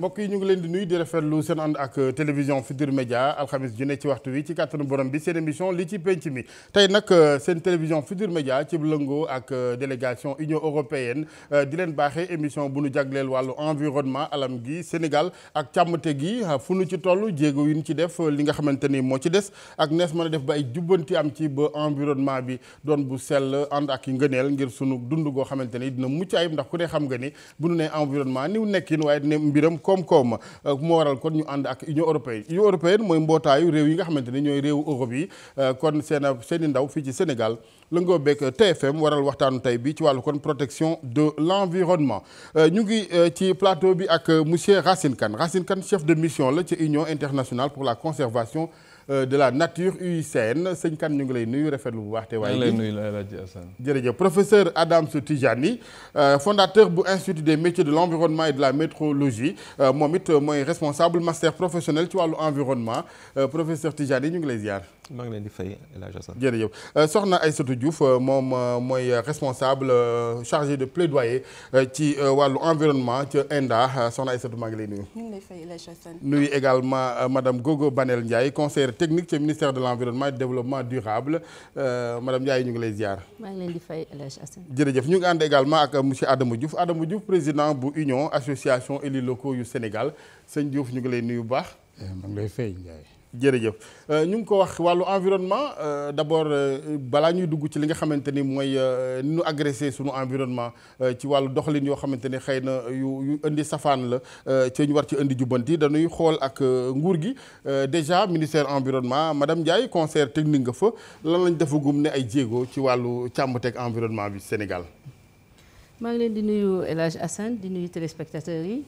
mbokk yi ñu ngi leen di nuy di rafetlu seen ànd ak télévision Futur Média alxamis ju ne ci waxtu wi ci kàttanu borom bi seen émission li ci penc mi tey nag euh, seen télévision Futur Média ci lëngoo ak euh, délégation Union européenne euh, di leen baaxee émission bu nu jagleel wàllu environnement alam gi Sénégal ak càmmte gi fu nu ci toll jéego yi ñu ci def li nga xamante ni moo ci des ak nees mën a def ba ay jubbanti am ci ba environnement bi doon bu sell ànd ak yi ngëneel ngir sunu dund goo xamante ni dina mucc ayib ndax ku ne xam nga ni bu nu nee environnement niw koom-koom euh, moo waral kon ñu ànd ak union européenne union européenne mooy mbootaayu réew yi nga xamante ni ñooy réew Europe yi euh, kon seen seeni ndaw fii ci Sénégal la lëngoo beeg TFM waral waxtaanu tey bi ci wàllu kon protection de l'environnement euh, ñu ngi ci plateau bi ak monsieur Racine Kane Racine Kane chef de mission la ci union internationale pour la conservation Euh, de la nature UICN sëñ kan ñu ngi lay nuyu rafetlu bu baax te waaye. lay nuyu la laaj jërëjëf professeur Adamsou Tijani euh, fondateur bu institut des métiers de l' environnement et de la météorologie euh, moom it mooy responsable master professionnel ci wàllu environnement professeur Tijani ñu ngi lay ziar. maa ngi leen di fay El Hadj sax jërëjëf euh, ay Aïssatou Diouf euh, moom euh, mooy responsable chargé de plaidoyer ci wàllu environnement ca indaa soxna Aïssatou maa ngi lay nuyu. ñu ngi lay fay El Hadj Assane. nuyu également madame Gogo Banel Ndiaye conseillère technique ca ministère de l' environnement développement durable madame Ndiaye ñu ngi lay ziar. maa ngi jërëjëf ñu ngi ànd également ak monsieur Adama Diouf Adama Diouf président bu union association élus locaux yu Sénégal sëñ Diouf ñu ngi lay nuyu bu baax. Eh, maa ngi lay fay Ndiaye. jërëjëf euh, ñu ngi ko wax wàllu environnement euh, d'abord euh, balaa ñuy dugg ci li nga xamante ni mooy ni nu agressé sunu environnement ci wàllu doxalin yoo xamante ni xëy na yu indi safaan la ci ñu war ci indi jubbanti dañuy xool ak nguur gi déjà ministère environnement madame Ndiaye conseil technique nga fa lan lañ defagum ne ay jéego ci wàllu càmbateeg environnement bi Sénégal. maa ngi leen di nuyu El Hadj Assane di nuyu téléspectateurs yi.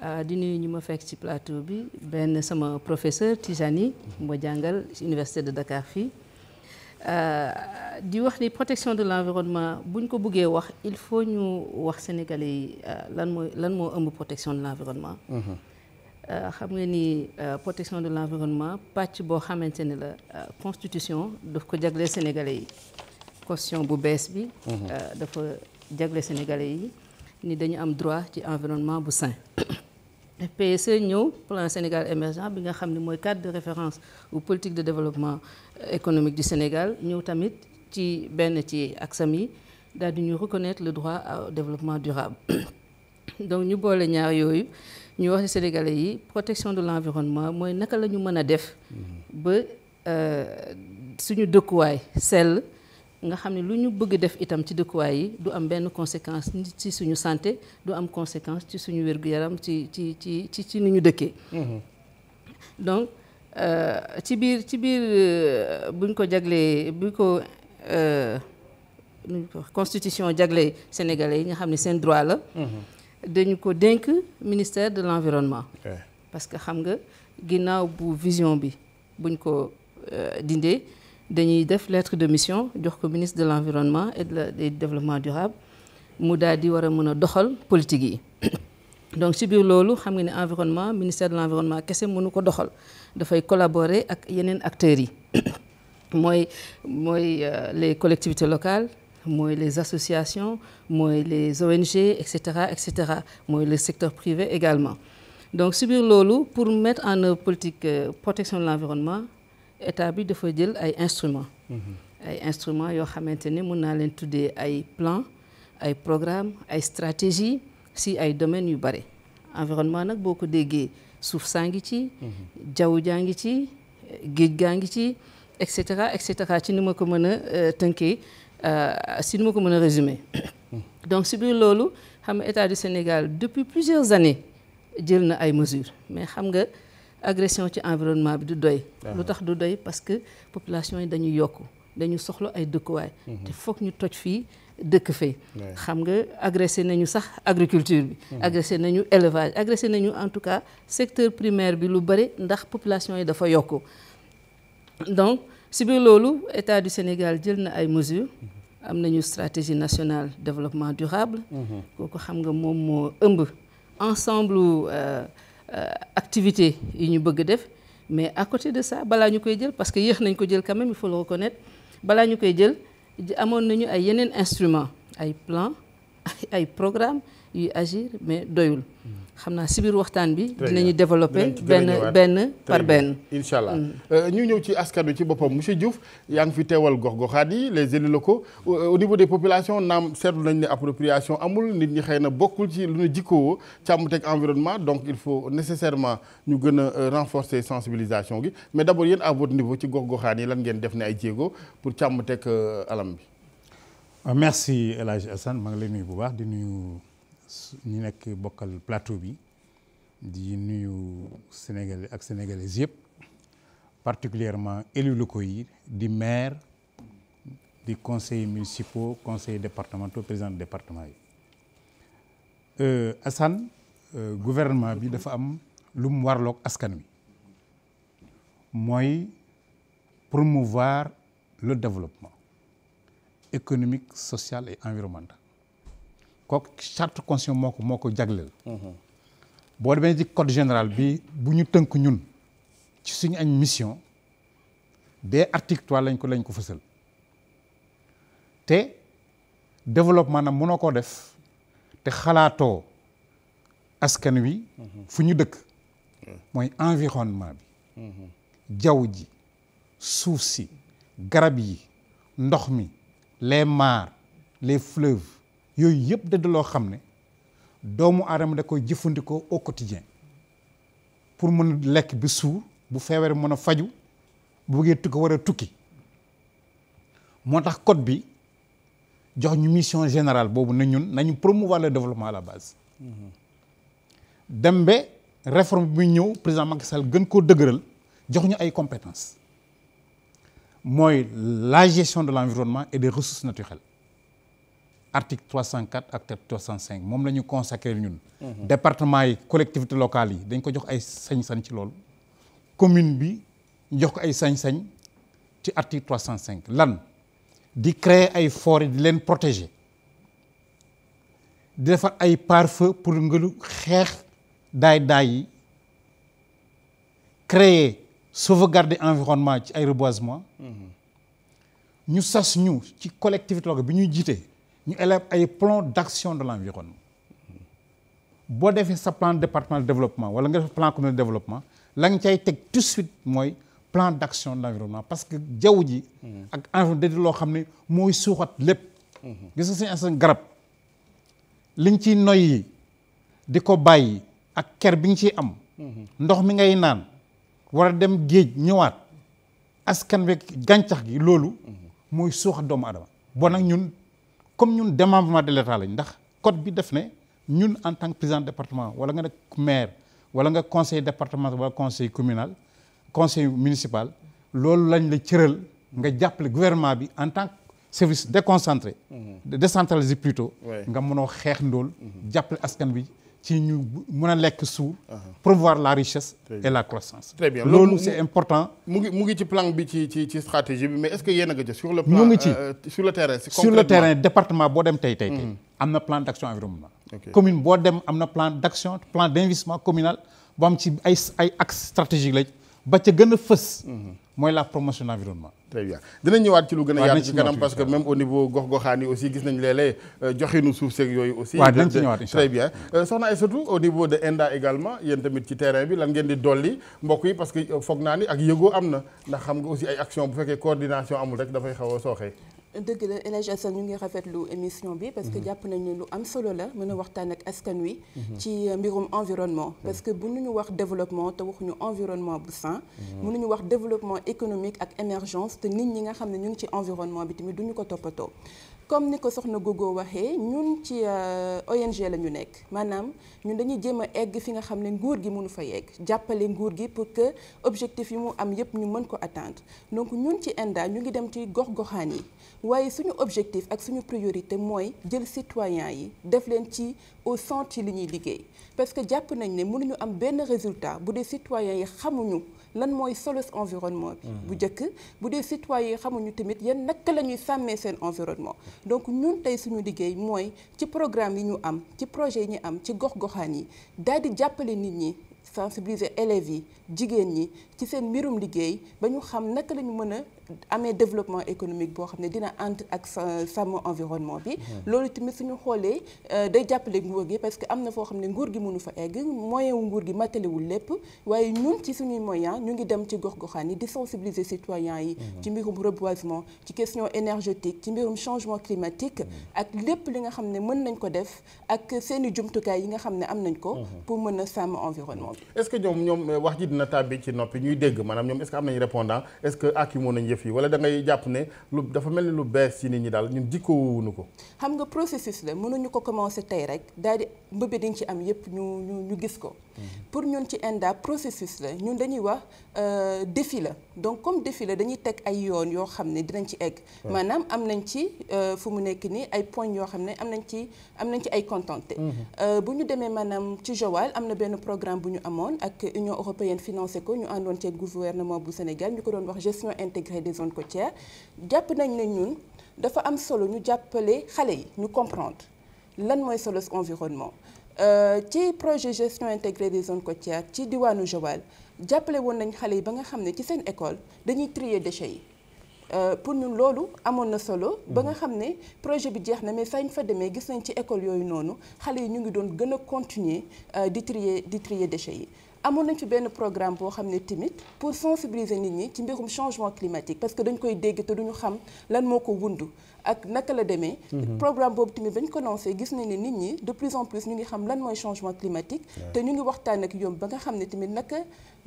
Euh, di nuyu ñu ma fekk ci plateau bi benn sama professeur Tijani moo jàngal ci université de Dakar fii euh, di wax ni protection de l'environnement bu ñu ko buggee wax il faut ñu wax sénégalais yi euh, lan mooy lan moo ëmb protection de l'environnement mhm. xam nga ni protection de l'environnement pàcc boo xamante ni la constitution daf ko jagleel sénégalais yi constitution bu bees bi mhm. dafa jagleel sénégalais yi ni dañu am droit ci environnement bu sain PSE ñëw plan Sénégal émergent bi nga xam ne mooy cadre de référence ou politique de développement euh, économique du Sénégal ñëw tamit ci benn ci ak yi daal di ñu reconnaitre le droit au développement durable donc ñu boole ñaar yooyu ñu wax Sénégalais yi protection de l'environnement mooy naka la ñu mën a def mm-hmm. ba euh, suñu dëkkuwaay sell nga xam ne lu ñu bëgg def itam ci dëkkuwaay yi du am benn conséquence ci suñu santé du am conséquence ci suñu wér-gu-yaram ci ci ci ci ci ni ñu dëkkee mm-hmm. donc euh, ci biir ci euh, buñ ko jaglee buñ ko euh, constitution jagle sénégalais yi nga xam ni seen droit la mm-hmm. dañu ko dénk ministère de l'environnement parce que xam nga ginnaaw bu vision bi buñ ko dindee dañuy def lettre de mission jox ko ministre de l' environnement et du développement durable mu daal di war a mën a doxal politique yi donc ci biir loolu xam nga ne environnement ministère de l' environnement kese mënu ko doxal dafay collaborer ak yeneen acteurs yi mooy mooy euh, les collectivités locales mooy les associations mooy les ONG et cetera mooy le secteur privé également donc ci biir loolu pour mettre en œuvre euh, protection de l' état bi dafa jël ay instruments. Mhm. ay instruments yoo xamante ne mun naa leen tuddee ay plan ay programme ay stratégie si ay domaines yu bare environnement nag boo ko déggee suuf saa ngi ci. Mhm. jaww jaa ngi ci géej gaa ngi ci et cetera et cetera ci ni ma ko mën a euh, tënkee euh, si ni ma ko mën a résumer. Mhm. donc si biir loolu xam nga état du Sénégal depuis plusieurs années jël na ay mesures mais xam nga. agression ci environnement bi du doy ah. lu tax du doy parce que population yi dañu yokk dañu soxla ay dëkkuwaay mhm. te foog ñu toj fii dëkk fay xam nga agressé nañu sax agriculture bi mhm. agressé nañu élevage agressé nañu en tout cas secteur primaire bi lu bëri ndax population yi dafa yokk donc si loolu état du Sénégal jël na ay mesures mhm. am nañu stratégie nationale développement durable kooku xam nga moom moo ëmb ensemble euh, Euh, activité yu ñu bëgg def mais à de ça balaa ñu koy jël parce que yéex nañ ko jël quand même il faut le reconnaître balaa ñu koy jël amoon nañu ay yeneen instruments ay plans ay programmes yuy agir mais doyul xam naa si biir waxtaan bi dinañu développer benn benn par benn incha allah mm. euh, ñu ñëw ci askan wi ci boppam monsieur Diouf yaa ngi fi teewal gox-goxaat yi les élus locaux au euh, niveau des population naam seetlu nañ ne appropriation amul nit ñi xëy na bokkul ci lu ñu jikkoo càmmteg environnement donc il faut nécessairement ñu gën a euh, renforcer sensibilisation gi mais d'abord yéen à votre niveau ci gox-goxaat yi lan ngeen def ne ay jéego pour càmmteg alam bi merci El ngi lay nuyu bu baax di nuyu ñi nekk bokkal plateau bi di nuyu Sénégalais ak sénégalaises yëpp particulièrement élus locaux yi di maire di conseils municipaux conseils départementaux président de département yi euh, Assane euh, gouvernement bi dafa am lu mu warloog askan wi mooy promouvoir le développement économique social et environnemental kooku charte constitution moo ko moo ko jagleel. boo demee ci code général bi bu ñu tënk ñun ci suñu añ mission des article trois lañ ko lañ ko fësal te développement nag mënoo koo def te xalaatoo askan wi. fu ñu dëkk. mooy environnement bi. jaww suuf si garab yi ndox mi les mares les fleuves. yooyu yëpp da loo xam ne doomu aadama da koy jëfandikoo au quotidien pour mën a lekk bi suur bu feebaree mën a faju bu bëggee tukki war a tukki moo tax code bi jox ñu mission général boobu na ñun nañu promouvoir le développement la base dem ba réforme bi ñëw président Macky Sall gën koo dëgëral jox ñu ay compétences mooy la gestion de l'environnement et des ressources naturelles article 304 ak 305 moom la ñu consacré ñun. département yi collectivités locales yi dañ ko jox ay sañ-sañ ci loolu. commune bi ñu jox ko ay sañ-sañ ci article 305 lan di créer ay forêt di leen protéger di defar ay pare pour ngelu xeex daay-daay yi créer sauvegarder environnement ci ay reboisement. Mhm. ñu sas ñu ci collectivité locale bi ñuy jiite. ñu élève ay plan d'action de l'environnement boo defee sa plan départemental de développement wala nga def plan communal de développement la nga cay teg tout de suite mooy plan d'action de l'environnement parce que jaww ji ak environnement da loo xam ne mooy suuxat lépp gis nga suñu instant garab liñ ciy noyyi di ko bàyyi ak ker bi nga ciy am ndox mi ngay naan war a dem géej ñëwaat askan wi gàncax gi loolu mooy suuxat doomu adama bon nag ñun comme ñun démembrement de l'état lañ ndax code bi def ne ñun en tant que président département wala nga nekk maire wala nga conseil départemental wala conseil communal conseil municipal loolu lañ la cëral nga jàppale gouvernement bi en tant que service déconcentré mhm. décentralisé plutôt nga mënoo xeex ndóol mhm. jàppale askan bi ci ñu mën a lekk suur promouvoir la richesse et la croissance très bien loolu c'est important mu ngi mu ci plan bi ci ci ci stratégie bi mais est-ce que yéen a nga jëf sur le ngi ci sur le terrain euh, sur le terrain département boo dem tey tey tey hmm. am na plan d'action environnement commune boo dem am na plan d'action plan d'investissement communal boo am ci ay ay axe stratégique lañ ba ca gën a fës hmm. mooy la promotion de l'environnement très bien dinañ ñëwaat ci lu gën a yaatu ci kanam parce que même au niveau gox-goxaan yi aussi gis nañ léeg-léeg euh, joxinu suuf seeg yooyu aussi waaw dinañ ci ñëwaat très bien euh, soxna Aïssatou au niveau de Enda également yéen tamit ci terrain bi lan ngeen di dolli mbokk yi parce que euh, foog naa ni ak yëgoo am na ndax xam nga aussi ay action bu fekkee coordination amul rek dafay xaw a sooxee dëgg la El Hadj ñu ngi rafetlu émission bi parce que mhm. jàpp nañu ne lu am solo la mën a mhm. waxtaan ak askan wi. Mhm. ci euh, mbirum environnement. parce que mënuñu wax développement te waxuñu environnement bu sain. ñu wax développement économique ak émergence te nit ñi nga xam ne ñu ngi ci environnement bi tamit duñu ko toppatoo. comme ni ko soxna Gogo waxee ñun ci euh, ONG la ñu nekk maanaam ñun dañuy jéem a egg fi nga xam ne nguur gi mënu fa yegg jàppale nguur gi pour que objectif yi mu am yépp ñu mën ko atteindre donc ñun ci ENDA ñu ngi dem ci gox-goxaan yi waaye suñu objectif ak suñu priorité mooy jël citoyen yi def leen ci au centre ci li ñuy liggéey parce que jàpp nañ ne mënuñu am benn résultat bu dee citoyen yi xamuñu lan mooy solos environnement bi mm-hmm. bu njëkk bu dee citoyen xamuñu tamit yan naka lañuy sàmmee seen environnement donc ñun tey suñu liggéey mooy ci programme yi ñu am ci projet yi ñu am ci gox-goxaan yi daal di jàppale nit ñi sensibiliser élèves yi jigéen ñi ci seen mbirum liggéey ba ñu xam naka la ñu mën a amee développement économique boo xam ne dina ànd ak sàmm environnement bi. loolu tamit suñu xoolee euh, day jàppale nguur gi parce que am na foo xam ne nguur gi mënu fa egg moyen wu nguur gi mataliwul lépp waaye ñun ci suñuy moyen ñu ngi dem ci gox-goxaan yi di sensibiliser citoyens yi. ci mbirum reboisement ci question énergétique ci mbirum changement climatique. ak lépp li nga xam ne mën nañ ko def ak seen i jumtukaay yi nga xam ne am nañ ko. pour mën a sàmm environnement est-ce que ñoom ñoom euh, wax ji dina tàbbi ci noppi ñuy dégg maanaam ñoom est-ce que am nañu répondant est-ce que accumé nañu yëf yi wala da jàpp ne lu dafa mel ni lu bees ci nit ñi daal ñun jikkoowuñu ko xam nga processus la mënuñu ko commencer tey rek daa di mbëbbe dañ ci am yëpp ñu ñu ñu gis ko pour ñun ci ENDA processus la ñun dañuy wax euh, défi la donc comme défi la dañuy teg ay yoon yoo xam ne dinañ ci egg maanaam am nañ ci euh, fu mu nekk nii ay points yoo xam ne am nañ ci am nañ ci ay contenté mm-hmm. euh, bu ñu demee maanaam ci Joal am na benn programme bu ñu amoon ak Union européenne financé ko ñu àndoon ci gouvernement bu Sénégal ñu ko doon wax gestion intégrée des zones côtières jàpp nañ ne ñun dafa am solo ñu jàppale xale yi ñu comprendre lan mooy solo environnement Euh, ci projet gestion intégrée des zones côtières ci diwaanu Joal jàppale woon nañ xale yi ba nga xam ne ci seen école dañuy trier déchets yi euh, pour ñu loolu amoon na solo ba nga xam ne projet bi jeex na mais sañ fa demee gis nañ ci école yooyu noonu xale yi ñu ngi doon gën a continuer euh, di trier di yi amoon nañ fi benn programme boo xam ne tamit pour sensibiliser nit ñi ci mbirum changement climatique parce que dañ koy dégg te duñu xam lan moo ko wundu ak naka la demee mhm. programme boobu tamit bañ ko lancé gis nañ ne nit ñi de plus en plus ñu ngi xam lan mooy changement climatique te ñu ngi waxtaan ak yomb ba nga xam ne tamit naka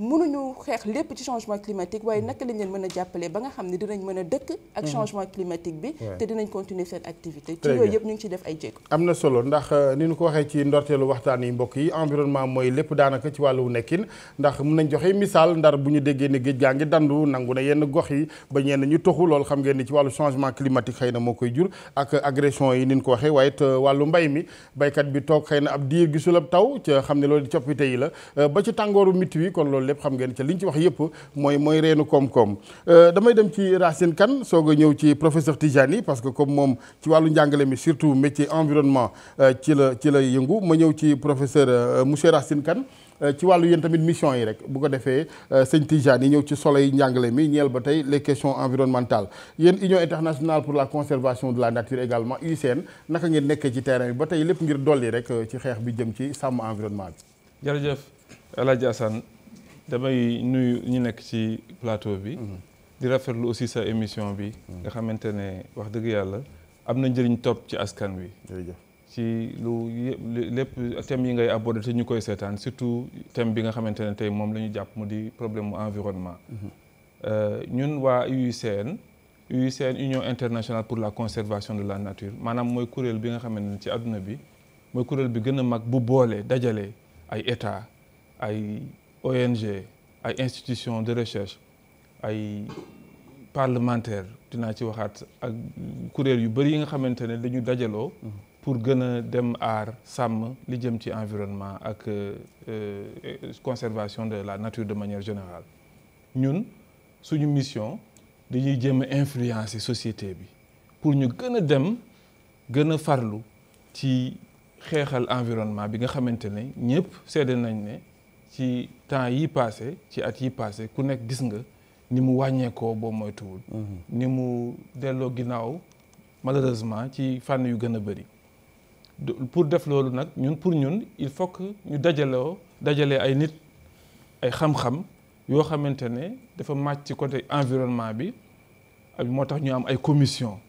mënuñu xeex lépp ci changement climatique waaye mm. naka lañ leen mën a jàppale ba nga xam ni dinañ mën a dëkk ak mm. changement climatique bi te dinañ continuer seen activité ci yooyu yëpp ñu ngi ci def ay jéego am na solo ndax euh, ni ñu ko waxee ci ndorteelu waxtaan yi mbokk yi environnement mooy lépp daanaka ci wàllu nekkin ndax mën nañ joxe misaal ndar bu ñu déggee ne géej gaa ngi dandu nangu na yenn gox yi ba ñenn ñu toxu loolu xam ngeen ni ci wàllu changement climatique xëy na moo koy jur ak agression yi ni ñu ko waxee waaye euh, wàllu mbay mi baykat bi toog xëy na ab diir gisul ab taw xam ne loolu di coppite yi la euh, tàngooru mit wi kon loolu lépp xam ngeen ca li ñu ci wax yëpp mooy mooy reenu koom-koom euh, damay dem ci Racine kan soog a ñëw ci professeur Tijani parce que comme moom ci wàllu njàngale mi surtout métier environnement euh, ci la ci la yëngu ma ñëw ci professeur euh, monsieur Racine kan ci wàllu yéen tamit mission yi rek bu ko defee sëñ Tijani ñëw ci solo yi njàngale mi ñeel ba tey le questions environnementales yéen Union internationale pour la conservation de la nature également UICN naka ngeen nekkee ci terrain bi ba tey ngir dolli rek ci xeex bi jëm ci sàmm environnement bi. jërëjëf El Hadj Assane damay nuy ñu nekk ci plateau bi. Mhm. di rafetlu aussi sa émission bi. Mhm. nga xamante ne wax dëgg yàlla am na njëriñ topp ci askan wi. ci lu lépp thème yi ngay aborder te ñu koy seetaan surtout thème bi nga xamante ne tey moom la ñu jàpp mu di problème mu environnement. Mhm. Euh, ñun waa UICN. UICN Union internationale pour la conservation de la nature maanaam mooy kuréel bi nga xamante ne ci àdduna bi mooy kuréel bi gën a mag bu boole dajale ay état ay. ONG ay institutions de recherche ay parlementaires dinaa ci waxaat ak kuréel yu bëri yi nga xamante ne dañu dajaloo. Mhm. pour gën a dem aar sàmm li jëm ci environnement ak euh, euh, conservation de la nature de manière générale ñun suñu mission dañuy jéem a yi société bi pour ñu gën a dem gën a farlu ci xeexal environnement bi nga xamante ne ñëpp seede nañ ne. ci temps yi passé ci at yi passé ku nekk gis nga ni mu wàññeekoo boo moytuwul mhm. ni mu delloo ginnaaw malheureusement ci fànn yu gën a bëri pour def loolu nag ñun pour ñun il faut que ñu dajaloo dajalee ay nit ay xam-xam yoo xamante ne dafa màcc ci côté environnement bi ak moo tax ñu am ay commission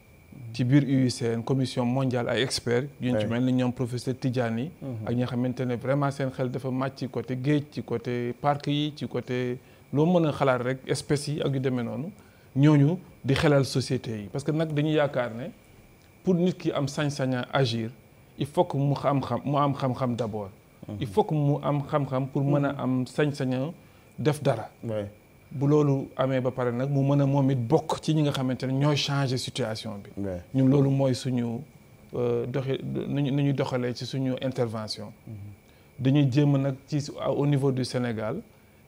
ci biir seen commission mondial ay experts. yu ci mel ni ñoom professeur Tidjani. Mhm. ak ñi nga xamante ne vraiment seen xel dafa màcc ci côté géej ci côté parc yi ci côté loo mën a xalaat rek espèces yi ak yu demee noonu ñooñu di xelal société yi parce que nag dañu yaakaar ne pour nit ki am sañ-saña agir il faut mu xam mu am xam-xam d'abord. Mhm. il faut mu am xam-xam pour mën a mhm. am sañ-saña def dara. bu loolu amee ba pare nag mu mën a moom it bokk ci ñi nga xamante ne ñooy changer situation bi. ñun loolu mooy suñu euh, doxi nu ñu doxalee ci suñu intervention. Mm-hmm. dañuy jéem a nag ci au niveau du Sénégal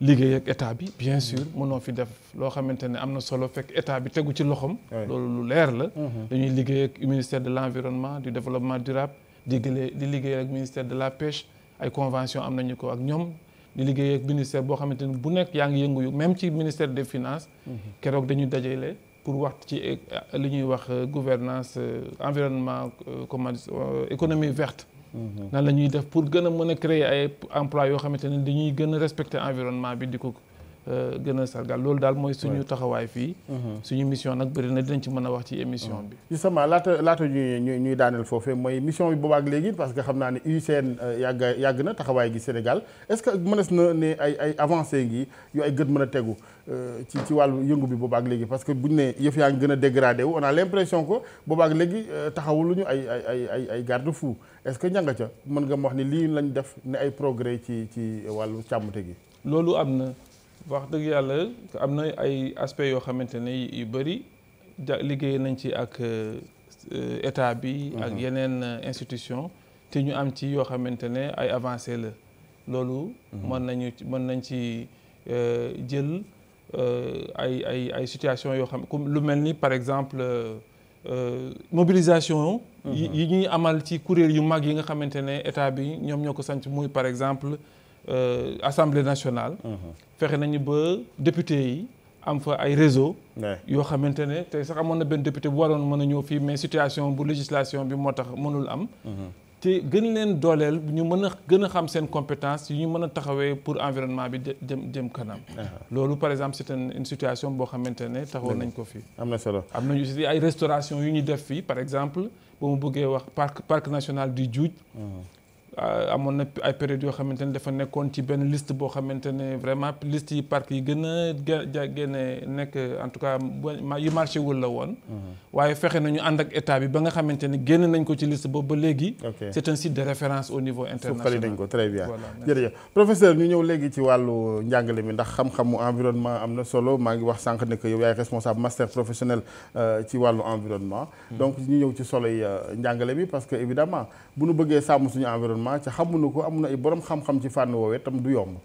liggéey ak état bi bien mm-hmm. sûr mënoo fi def loo xamante ne am na solo fekk état bi tegu ci loxom loolu lu leer la. Mm-hmm. dañuy liggéey ak ministère de l'environnement du développement durable di gëlee di liggéey ak ministère de la pêche ay convention am nañu ko ak ñoom. di liggéey ak ministère boo xamante ni bu nekk yaa ngi yëngu yu même ci ministère des finances. Mhm. keroog dañuy dajale pour wax ci euh, li ñuy wax euh, gouvernance euh, environnement comment économie verte. Mhm. nan la ñuy def pour gën a mën a créer ay emplois yoo xamante ni dañuy gën a respecter environnement bi di ko ko. Euh, gën a sargal loolu daal mooy suñu taxawaay fii mhm. suñu mission nag bëri na dinañ ci mën a wax ci émission bi justement laata laata ñuy ñuy daaneel foofee mooy mission bi boobaak léegi parce que xam naa ne UICN euh, yàgg yàgg na taxawaay gi Sénégal est-ce que mënees na ne ay ay avancé ngi yu ay gët mën a tegu euh, ci ci wàllu yëngu bi boobaak léegi parce que bu ñu ne yëf yaa ngi gën a dégradé wu on a l'impression que boobaak léegi lu ñu ay ay ay ay garde-fou est-ce que ñanga ca mën nga ma wax ni lii lañ def ne ay progrès ci ci wàllu càmmute gi wax dëgg yàlla am na ay aspects yoo xamante ne yu bëri ja liggéey nañ ci ak euh, état bi. Mhm. ak yeneen euh, institution te ñu am ci yoo xamante ne ay avancé la loolu. Mhm. mën nañu mën nañ ci euh, jël ay ay ay situation yoo xam comme lu mel ni par exemple mobilisation. Mhm. yi ñuy amal ci kuréel yu mag yi nga xamante ne état bi ñoom ñoo ko sanc muy par exemple. Euh, assemblée nationale. Mhm. fexe nañu ba député yi am fa ay réseau yoo xamante ne te sax amoon na benn député bu waroon mën a ñëw fii mais situation bu législation bi moo tax mënul am. Mhm. te gën leen dooleel ñu mën a gën a xam seen compétence yi ñu mën a taxawee pour environnement bi jëm jëm kanam. Mhm. loolu par exemple c'est une situation boo xamante ne taxawoon nañ ko fii. am na solo am nañu aussi ay restauration yu ñu def fii par exemple ba mu bëggee wax parc parc national du Djoudj. Euh, amoon na ay période yoo xamante dafa nekkoon ci benn liste boo xamante vraiment liste yi parc yi gën a génne nekk en tout cas yu marché wul la woon mm-hmm. waaye fexe nañu ànd ak état bi ba nga xamante ne génn nañ ko ci liste boobu ba léegi c'est un site de référence au niveau international nañ ko très bien jërëjëf professeur ñu ñëw léegi ci wàllu njàngale mi ndax xam-xamu environnement am na solo maa ngi wax sànq ne que yow yaay responsable master professionnel euh, ci wàllu environnement mm-hmm. donc ñu ci solo yi euh, njàngale mi parce environnement ci xamuñu ko am na ay borom xam-xam ci fànn woowee tam du yomb.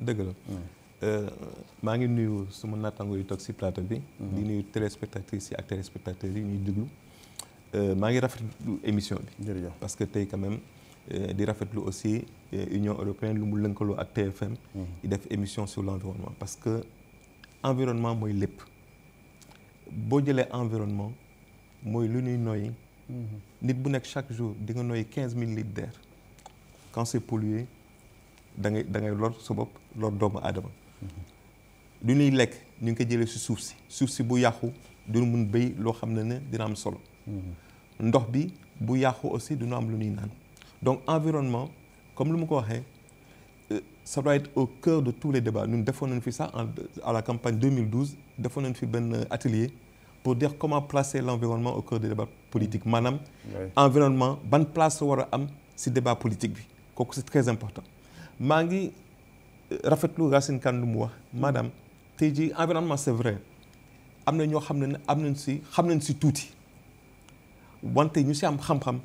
dëgg la hmm. euh, maa ngi nuyu suma naataango yu toog si bi. Hmm. di nuyu téléspectatrices yi ak téléspectateurs yi ñuy déglu. Euh, maa ngi rafetlu émission bi. jërëjëf parce que tey quand même euh, di rafetlu aussi Union européenne lu mu lënkaloo ak TFM. Hmm. di def émission sur l'environnement parce que environnement mooy lépp boo jëlee environnement mooy lu nuy noyyi. nit bu nekk chaque jour di nga noyyi quinze mille litres quand c'est pollué da da ngay lor sa bopp lor doomu aadama lu ñuy lekk ñu ngi ko jëlee si suuf si suuf si bu yàqu dina mun béy loo xam ne ne dina am solo ndox bi bu yàqu aussi dina am lu ñuy naan donc environnement comme lu mu ko waxee euh, ça doit être au cœur de les débats ñun defoon nañu fi ça à la campagne 2012 defoon fi benn atelier pour dire comment placer l'environnement au cœur des débats politique maanaam environnement ban place war a am si débat politique bi kooku c'est très important maa ngi euh, rafetlu Racine Kane lu mu wax maanaam tey jii environnement c'est vrai am na ñoo xam ne am nañ si xam nañ si tuuti wante ñu si am xam-xam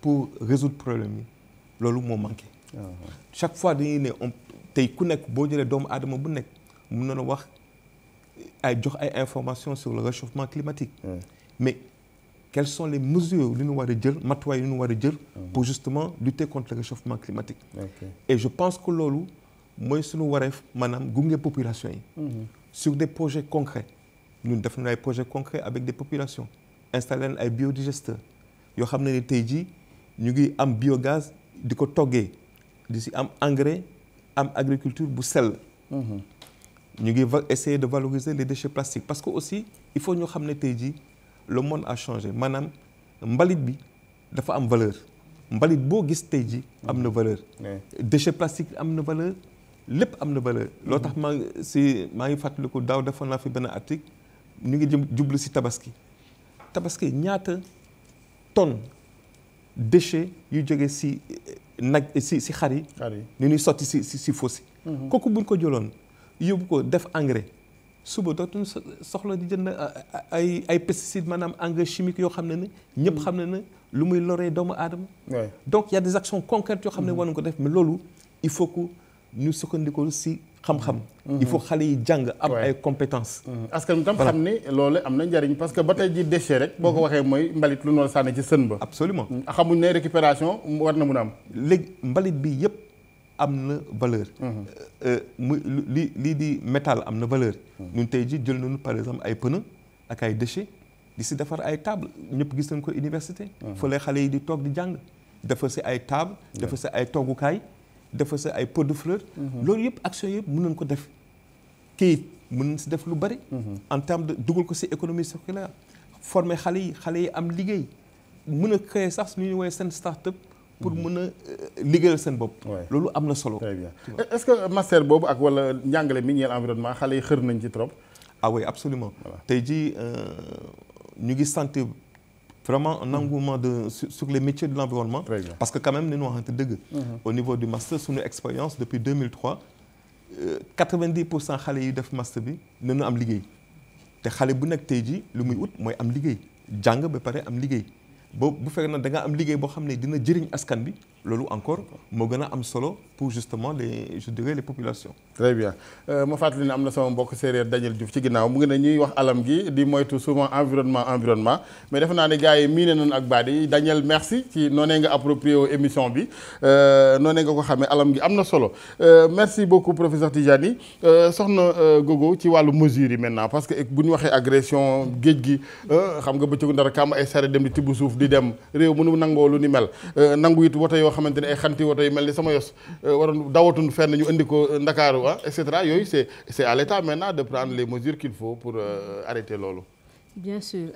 pour résoudre problème yi loolu moo manqué. Ah. chaque fois dañuy ne tey ku nekk boo jëlee doomu aadama bu nekk mun na la wax ay jox ay information sur le réchauffement climatique quelles sont les mesures li nu war a jël matuwaay li ñu war a jël mhm. pour justement lutter contre le réchauffement climatique okay. et je pense que loolu mooy suñu wareef maanaam gunge population yi mhm. su des projets concrets ñun def nañu ay projets concrets avec des populations installé nañu ay biodigesteurs yoo xam ne ni tey jii ñu ngi am biogaz di ko toggee di si am engrais am agriculture bu sell mhm. ñu ngi essayer de valoriser les déchets plastiques parce que aussi il faut ñoo xam ne tey jii le monde a changé maanaam mbalit bi dafa am valeur mbalit boo gis tey ji am na valeur déchet plastique am na valeur lépp am na valeur loo tax maa si maa ngi fàttaliku daaw defoon naa fi benn article ñu ngi jëm jublu si tabaski tabaski ñaata tonne déchet yu jóge si eh, nag eh, si si xar yi ñu ñuy sotti si si si fosse mhm. kooku buñ ko jëloon yóbbu ko def engrais suba dootuñu soxla di jënd ay ay pesticides maanaam engrais chimique yoo xam ne ne ñëpp xam ne na lu muy loree doomu aadama donc il y a yoo xam ne mm-hmm. war nañu ko def mais loolu il faut que ñu sukkandiku si xam-xam mm-hmm. il faut xale yi jàng am ay compétences mm-hmm. askan tam xam ne loolu am na njariñ parce que ba tey ji déchet rek boo ko waxee mooy mbalit lu noonu sànni ci sën ba absolument mm, xamuñ ne récupération war na mun a am léegi mbalit bi yëpp am na valeur. Mhm. Euh, euh, muy li lii di métal am na valeur. Mhm. ñun tey ji jël nañu par exemple ay pneu ak ay déchets di si defar ay table ñëpp gis nañ ko université. Mhm. fële xale yi di toog di jàng. defar si ay table defar si ay toogukaay defar si ay pot de fleur. loolu yëpp action yëpp mun nañ ko def kayit mën nañ si def lu bari. en terme de dugal ko si économie circulaire former xale yi xale yi am liggéey mën a créer sax suñu woowee seen start-up. pour mën a euh, liggéeyal seen bopp. loolu am na solo. très est-ce que master boobu ak wala njàngale mi ñeel environnement xale yi xër nañ ci trop. ah oui absolument tey jii euh, ñu ngi sant vraiment un mmh. engouement de sur les métiers de l'environnement. parce que quand même ni ñu waxante dëgg. Mmh. au niveau du master suñu expérience depuis 2003 90 euh, pour cent xale yi def master bi nañu am liggéey te xale bu nekk tey jii lu muy ut mooy am liggéey jàng ba pare am liggéey. ba bu fekkee na da am liggéey boo xam ne dina jëriñ askan bi loolu encore moo gën a am solo pour justement les je dirais les populations. très bien euh, ma fàttali ne am na sama mbokk séeréer Daniel Diouf ci ginnaaw mu ngi ne ñuy wax alam gi di moytu souvent environnement environnement mais defe naa ne gars yi miine nañu ak baat yi Daniel merci ci noonee nga approprié wu émission bi euh, noonee nga ko xamee alam gi am na solo euh, merci beaucoup professeur Tidjani soxna Gogo ci wàllu mesure yi maintenant parce que bu ñu waxee agression géej gi xam nga bëccëgu ndara kam ay sare dem di tibb suuf di dem réew mënu nangoo lu ni mel nangu it xamante ne ay xanti woto yu mel ni sama yos euh, waroon dawatuñ fenn ñu indi ko euh, Ndakaaru ah et cetera yooyu c' est c' est à l' état maintenant de prendre les mesures qu'il faut pour euh, arrêter loolu. bien sûr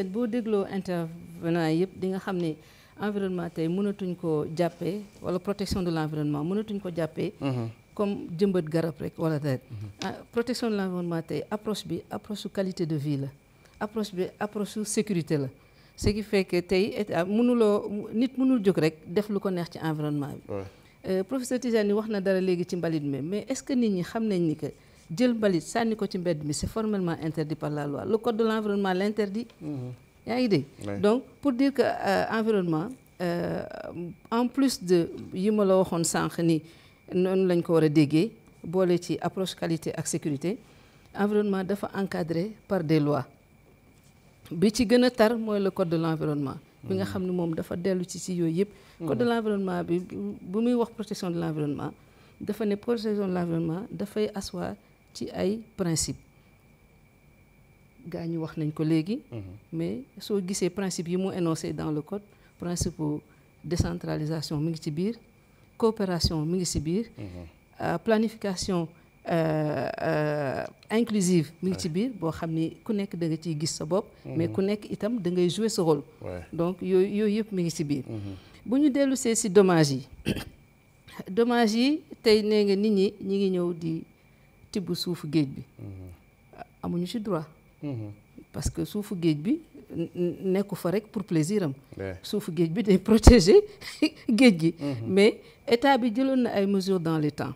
El boo dégloo intervenant yëpp di nga xam ni environnement tey mënatuñ ko jàppee wala protection de l' environnement mënatuñ ko jàppee. Mhm. comme jëmbat garab rek wala dara. Mhm. Ah, protection de l' environnement tey approche bi approche su qualité de vie la approche bi approche sécurité la. ce qui fait tey état euh, mënuloo nit mënul jóg rek def lu ko neex ci environnement bi. Euh, professeur Tijani wax na dara léegi ci mbalit mi mais est-ce que nit ñi xam nañ ni que jël mbalit sànni ko ci mbedd mi c'est formellement interdit par la loi le code de l'environnement l'interdit. Mm-hmm. yaa ngi dégg donc pour dire que euh, environnement euh, en plus de yi la waxoon sànq ni noonu lañ ko war a déggee boole ci approche qualité ak sécurité environnement dafa encadré par des lois. bi ci gën a tar mooy le code de l'environnement bi nga xam ne moom dafa dellu ci ci yooyu yëpp code de l'environnement bi bu muy wax protection de l'environnement dafa ne protection de l'environnement dafay asseoir ci ay principe gaa ñu wax nañ ko léegi mhm. mais soo gisee principe yi mu énoncé dans le code principe décentralisation mi ngi ci biir coopération mi ngi ci biir mhm. euh, planification Euh, euh, inclusive mu ngi ci biir boo xam ni ku nekk da nga ciy gis sa bopp mhm. mais ku nekk itam da ngay jouer sa rôle donc yooyu yooyu yëpp mi ngi ci biir mhm. bu ñu dellu see si dommage yi dommage yi tey nee nga nit ñi ñu ngi ñëw di tibb suufu géej bi mhm. amuñu ci droit parce que suufu géej bi nekku fa rek pour plaisir am suufu géej bi day protéger géej gi mais état bi jëloon na ay mesures dans le temps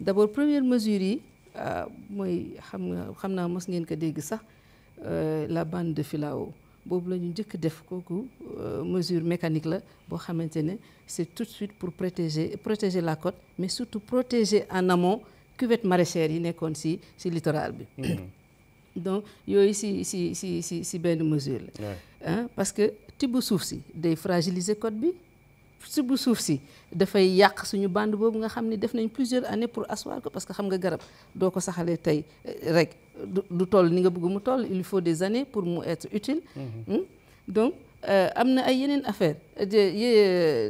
d'abord première mesure yi euh, mooy xam nga xam naa mos ngeen ko dégg sax euh, la bande de filao boobu la ñu njëkk def kooku euh, mesure mécanique la boo xamante ne c'est tout de suite pour protéger protéger la code mais surtout protéger en amont cuvette maraîchère yi nekkoon si si littoral bi mm-hmm. donc yooyu si si si si ci benn mesure la parce que tibb suuf si day fragiliser code bi si bu suuf si dafay yàq suñu bande boobu nga xam ne def nañ plusieurs années pour asseoir ko parce que xam nga garab doo ko saxalee tey eh, rek du toll ni nga bugg mu toll il faut des années pour mu être utile mhm. hmm? donc euh, am na ay yeneen affaire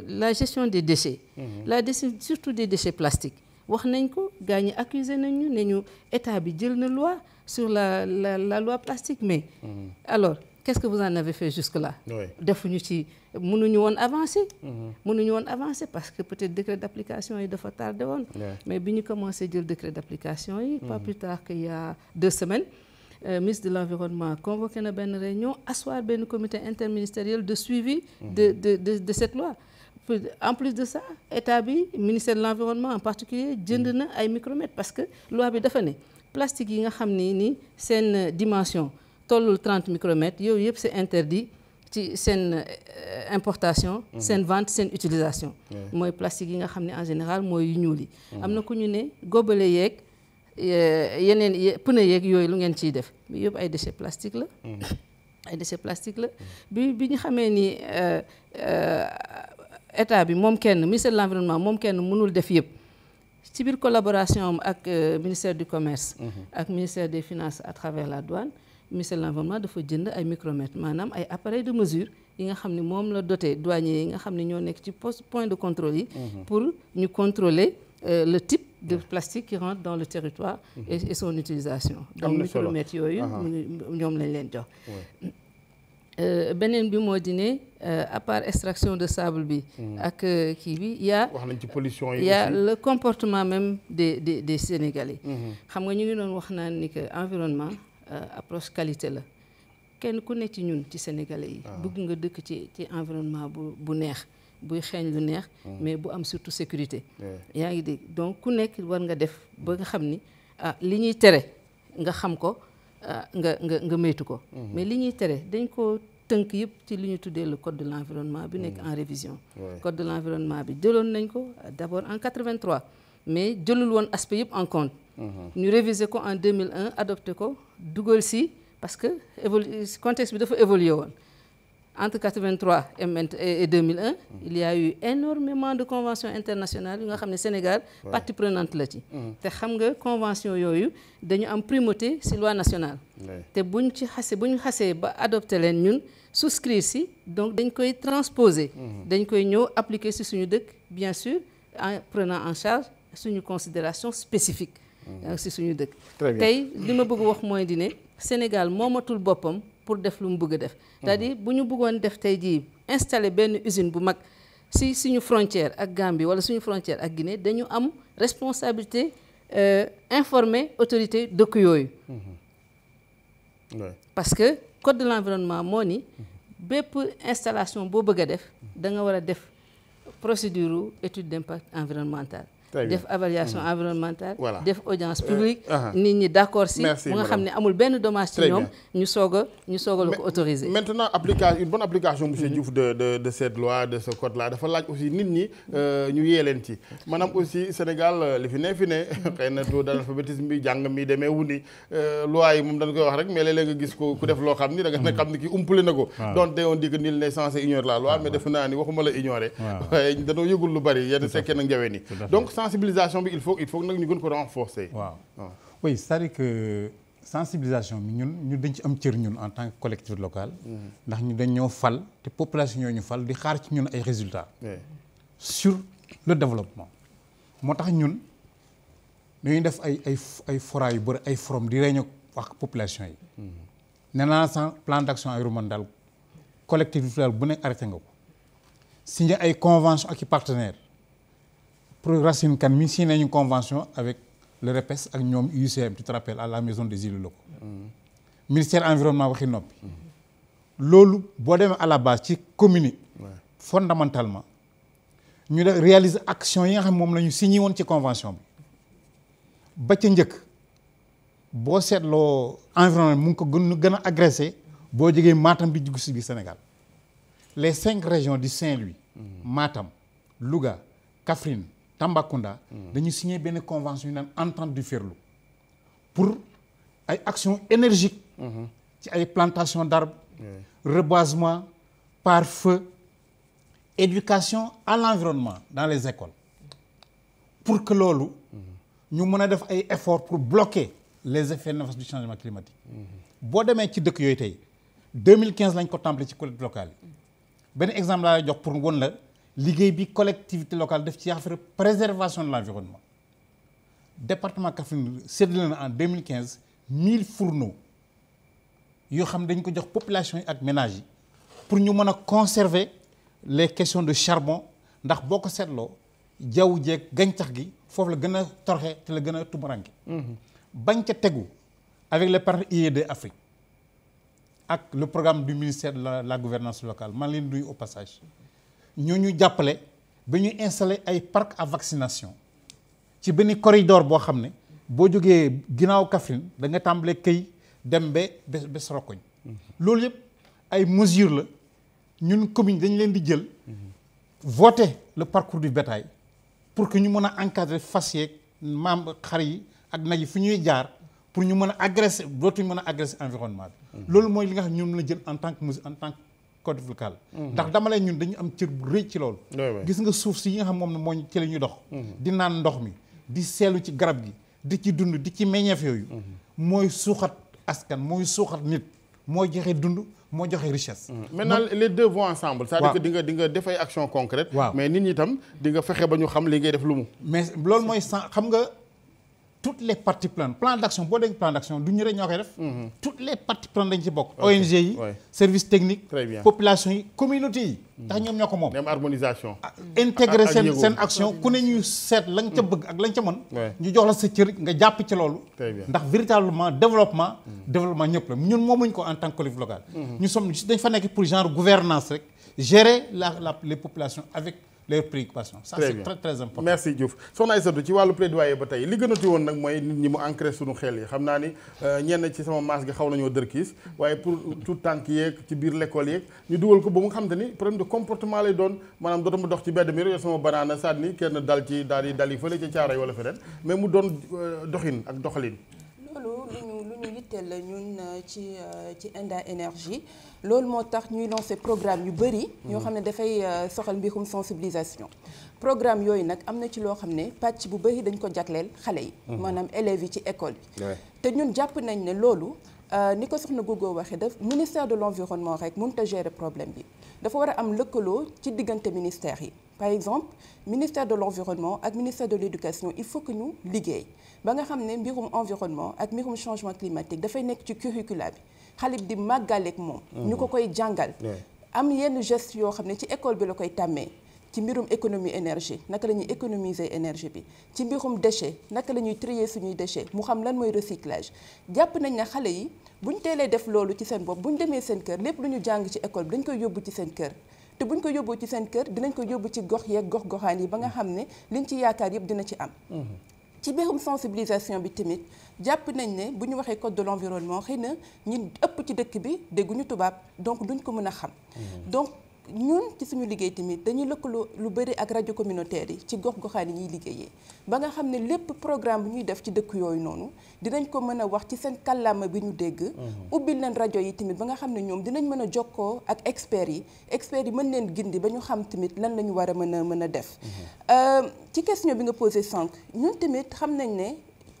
la gestion des déchets mhm. la surtout des déchets plastiques wax nañ ko gaa ñi accusé nañ ne ñu état bi jël na loi sur la la la loi plastique mais mhm. alors qu'est-ce que vous en avez fait jusque-là defuñu ci mënuñu woon avancer mhm. mënuñu woon avancer parce que peut-être décret d'application yi dafa tardé woon mais bi ñu commencé jël décret d'application yi pas mhm. plus tard qu'il y a deux semaines Euh, ministre de l'environnement convoqué na benn réunion asseoir benn comité interministériel de suivi mhm. de de de de cette loi en plus de ça état bi ministère de l'environnement en particulier jënd na ay micromètres parce que loi bi dafa ne plastique yi nga xam ni ni seen dimension tollul 30 micromètres yooyu yëpp c'est interdit ci seen euh, importation mhm. seen vente seen utilisation mooy plastique yi nga xam ne en général mooy ñuul yi mhm. am na ku ñu ne gobale yeeg euh, yeneen pneu yeeg yooyu lu ngeen ciy def bi yëpp ay déchets plastique la mhm. la bi bi ñu xamee ni euh, état bi moom kenn ministère de l'environnement moom kenn mënul def yëpp ci biir collaboration am ak ministère du commerce ak ministère des finances à travers la douane ministère de l'environnement dafa jënd ay micromètres maanaam ay appareil de mesure yi nga xam ne moom la doté douanier yi nga xam ne ñoo nekk ci poste point de contrôle yi mhm. pour ñu contrôler euh, le type de plastique qui rentre dans le territoire mhm. et son utilisation donc micromètres yooyu ñoom lañ leen jox euh, beneen bi moo di ne euh, à part extraction de sable bi mhm. ak kii bi yaa a wax nañ ci pollution yi le comportement même des des des Sénégalais xam nga ñu ngi doon wax naan ni que environnement Euh, approche qualité la kenn ku nekk ci ñun ci sénégalais yi ah. bëgg nga dëkk ci ci environnement bu bu neex buy xeeñ lu neex hmm. mais bu am surtout sécurité yaa ngi dégg donc ku nekk war nga def ba nga xam ni ah, li ñuy tere nga xam ko ah, nga nga nga moytu ko hmm. mais li ñuy tere dañ koo tënk yëpp ci li ñu tuddee le code de l'environnement bi nekk hmm. en révision code de l'environnement bi jëloon nañ ko euh, d'abord en 83 mais jëlul woon aspect yëpp en compte ñu réviser ko en 2001 adopté ko dugal si parce que évolu contexte bi dafa évolué woon entre 83 et 2001 il y a eu énormément de conventions internationales yu nga xam ne Sénégal partie la ci mm. te xam nga convention yooyu dañu am primauté si loi nationale te buñ ci xase bu ñu xasee ba adopté leen ñun souscrire si donc dañ koy transposer mm-hmm. dañ koy ñëw appliquer si suñu dëkk bien sûr en prenant en charge suñu considération spécifique Mm-hmm. si suñu dëkk tey li ma bëgg wax mooy di ne Sénégal moomatul boppam pour def lu mu bëgg a def mm-hmm. cest bu ñu bëggoon def tey jii installé benn usine bu mag si suñu frontière ak Gambie wala suñu frontière ak Guinée dañu am responsabilité euh, informer autorité dëkk yooyu mm-hmm. parce que code de l'environnement moo ni bépp installation boo bëgg a def da nga war a def procédure étude d'impact environnemental def évaluation mmh. environnementale. voilà def audience euh, publique. Uh-huh. nit ñi d' accord si. mu nga xam ne amul benn dommage ci ñoom. ñu soog ñu soog a la ko autoriser. maintenant application une bonne application monsieur mmh. Diouf de de de cette loi de ce code dafa laaj aussi nit ñi euh, ñu yee leen ci maanaam aussi Sénégal euh, li fi ne fi ne mmh. xëy na taux d' analphabétisme bi jàng mi demee wuni loi yi moom dañ koy wax rek mais léeg nga gis ko ku def loo xam ni da nga xam ni kii umpale na ko. waaw donte ah, naa ni waxuma la ignorer. waaye danoo yëgul lu bari yenn sekkee donc sensibilisation bi il faut il faut nag ñu gën ko renforcer. waaw oui cest à que sensibilisation bi ñun ñu dañ ci am cër ñun en tant que collectivité locale. Mm-hmm. ndax ñu dañ ñoo fal te population ñoo ñu fal di xaar ci ñun ay résultats. sur le développement. moo tax ñun dañuy def ay ay ay fora yu bëri ay forum di réunion wax population yi. Mm-hmm. nee naa sans plan d'action daal collectivité locale bu nekk arrêté nga ko. signé ay convention ak i partenaire pour Racine Kane mi signé nañu convention avec le REPES ak ñoom UCM tu te rappelles à la maison des élus locaux mm-hmm. ministère environnement waxi noppi mm-hmm. loolu boo demee à la base ci commune yi fondamentalement ñu def réaliser action yi nga xam moom la ñu signé woon ci convention bi ba ca njëkk boo seetloo environnement mu ngi ko gën gën a agressé boo jógee maatam bi dugg si biir Sénégal les cinq régions du Saint-Louis mm-hmm. Matam Louga Kaffrine Tambacounda. dañu signé benn convention yu naan entente du Ferlo pour ay action énergique ci ay plantation d'arbres reboisement par feu éducation à l'environnement dans les écoles pour que loolu ñu mun a def ay efforts pour bloquer les effets néfastes du changement climatique boo demee ci dëkk yooyu tey 2015 lañ ko tàmbali ci collectivités locales yi benn exemple laa lay jox pour won la liggéey bi collectivité locale def ci affaire préservation de l'environnement département Kaffrine séddale na en quinze mille fourneaux yoo xam ne dañ ko jox population yi ak ménage yi pour ñu mën a conserver les question de charbon ndax boo ko seetloo jaww jeeg gàncax gi foofu la gën a torxe te la gën a tumuraan tumuranke mhm. bañ ca tegu avec les partenaires IED Afrique ak le programme du ministère de la gouvernance locale man leen duy au passage ñoo ñu jàppale ba ñu installé ay parc à vaccination ci benn corridor boo xam ne boo jógee ginnaaw Kaffrine da tàmbalee këy dem ba ba Sorokoñ mhm. loolu yëpp ay mesures la ñun commune dañu leen di jël mhm. voter le parcours du bétail pour que ñu mën a encadrer fas yeeg maam xar yi ak nag yi fu ñuy jaar pour ñu mën a agresser dootuñu mën a agresser environnement bi mhm. loolu mooy li nga xam ñun la jël en tant que mesure en tant code vocal mhm. ndax dama lay ñun dañu am cër bu rëy ci loolu gis nga suuf si yi nga xam moom mooñ ci la ñuy dox mhm. di naan ndox mi di seelu ci garab gi di ci dund di ci meññeef yooyu mhm. mooy suuxat askan mooy suuxat nit moo joxe dund moo joxe richesse. maintenant les deux vont ensemble. waaw cest à di nga di nga def ay actions concrètes. waaw mais nit ñi tam di nga fexe ba ñu xam li ngay def lu mu. mais loolu mooy sànq xam nga. toutes les parties prenantes plan d'action boo dégg plan d'action du ñu rek ñoo koy def mhm. toutes les parties prenantes dañ ci bokk ONG yi service technique population yi communauté yi ndax ñoom ñoo ko moom ah, intégrer seen action ku ne ñu seet la ca mm. bëgg ak la ca mën ñu jox la sa cër nga jàpp ci loolu ndax véritablement développement mm. développement ñëpp la ñun moomuñ ko en tant que collectivité locale ñu mm-hmm. sommes dañ fa nekk pour genre gouvernance rek gérer la la leurs préoccupations. ça c'est très très important. merci Diouf soxna Aïssatou ci wàllu plaidoyer ba tey li gën a ti woon nag mooy nit ñi mu ancré suñu xel yi xam naa ni euh, ñenn ci sama maas gi xaw nañoo dërkiis waaye pour tout tànk yeeg ci biir lekkool yeeg ñu dugal ko ba mu xam ni problème de comportement lay doon maanaam dootuma dox ci mbedd mi rek sama banaana sànni kenn dal ci daal di dal yi fële ca caaray wala feneen mais mu doon euh, doxin ak doxalin yitteel la ñun euh, ci euh, ci Enda Énergie loolu moo tax ñuy lancé programme yu bëri. ñoo xam ne dafay euh, soxal mbirum sensibilisation. programme yooyu nag am na ci loo xam ne pàcc bu bëri dañ ko jagleel xale yi. Mhm. maanaam élèves yi ci école yi. te ñun jàpp nañ ne loolu. ni ko soxna googoo waxee daf ministère de l'environnement rek mun a gérer problème bi dafa war a am lëkkaloo ci diggante ministère yi par exemple ministère de l'environnement ak ministère de l'éducation il faut ñu liggéey. ba nga xam ne mbirum environnement ak mbirum changement climatique dafay nekk ci curricula bi xale bi di màggaleek moom. Mm. ñu ko koy jàngal. am yenn gestes yoo xam ne ci école bi la koy tàmmee. ci mbirum économie énergie naka lañuy ñuy économiser énergie bi ci mbirum déchet naka lañuy ñuy trier suñuy déchet mu xam lan mooy recyclage jàpp nañ ne xale yi buñ teelee def loolu ci seen bopp buñ demee seen kër lépp lu ñu jàng ci école bi dañ koy yóbbu ci seen kër te buñ ko yóbbu ci seen kër dinañ ko yóbbu ci gox yeeg gox goxaan yi ba nga xam ne liñ ci yaakaar yëpp dina ci am mm-hmm. ci biirum sensibilisation bi tamit jàpp nañ ne bu ñu waxee code de l'environnement xëy na ñun ëpp ci dëkk bi dégguñu tubaab donc duñ ko mën a xam mm. donc ñun ci suñu liggéey tamit dañuy lëkkaloo lu bëri ak rajo communautaire yi ci gox-goxaan yi ñuy liggéeyee ba nga xam ne lépp programme bu ñuy def ci dëkk yooyu noonu dinañ ko mën a wax ci seen kàllaama bi ñu dégg mhm. ubbil leen rajo yi tamit ba nga xam ne ñoom dinañ mën a jokkoo ak experts yi experts yi mën leen gindi ba ñu xam tamit lan la ñu war a mën a mën a def mhm. euh, ci question bi nga posé sànq ñun tamit xam nañ ne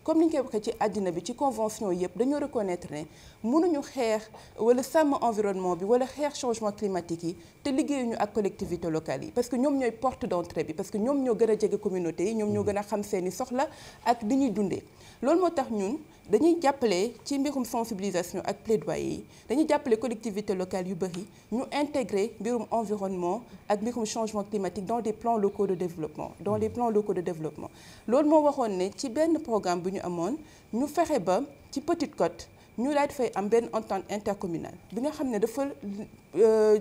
comme ni ñu koy waxee ci àddina bi ci convention yëpp dañoo reconnaître ne mënuñu xeex wala sàmm environnement bi wala xeex changement climatique yi te liggéeyuñu ak collectivités locales yi parce que ñoom ñooy porte d'entrée bi parce que ñoom ñoo gën a jege communauté yi ñoom ñoo gën a xam seeni soxla ak li ñuy dunde loolu moo tax ñun dañuy jàppale ci mbirum sensibilisation ak plaidoyer yi dañuy jàppale collectivité locale yu bëri ñu intégrer mbirum environnement ak mbirum changement climatique dans des plans locaux de développement dans de plans locaux de développement loolu moo waxoon ne ci benn programme bu ñu amoon ñu fexe ba ci Petite Côte ñu daal fay am benn entente intercommunal bi nga xam ne dafa euh,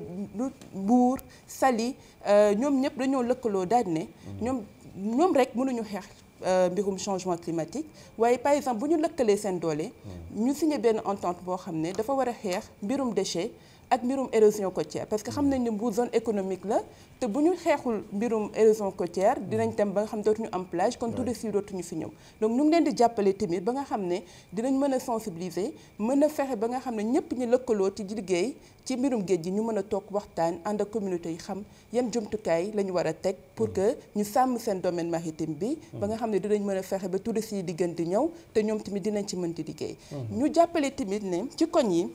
Mbour Saly euh, ñoom ñëpp dañoo lëkkaloo daal ne mm-hmm. ñoom ñoom rek mënuñu xeex Euh, mbirum changement climatique waaye par exemple bu ñu lëkkalee seen doole. Hmm. ñu signé benn entente boo xam ne dafa war a xeex mbirum déchet. ak mbirum érosion côtière parce que xam nañ ne Mbour zone économique la te bu ñu xeexul mbirum érosion côtière dinañ mm. dem ba nga xam dootuñu am plage kon touristes yi dootuñu fi ñëw donc ñu ngi leen di jàppale ba nga xam ne dinañ mën a sensibiliser mën a fexe ba nga xam ne ñëpp ñu lëkkaloo ci liggéey ci mbirum géej gi ñu mën a toog waxtaan ànd ak communauté yi xam yan jumtukaay la ñu war a teg pour mm. que ñu sàmm seen domaine maritime bi ba nga mm. xam ne dinañ mën a fexe ba touristes yi di gën ñëw te ñoom tamit dinañ ci mën di liggéey ñu yi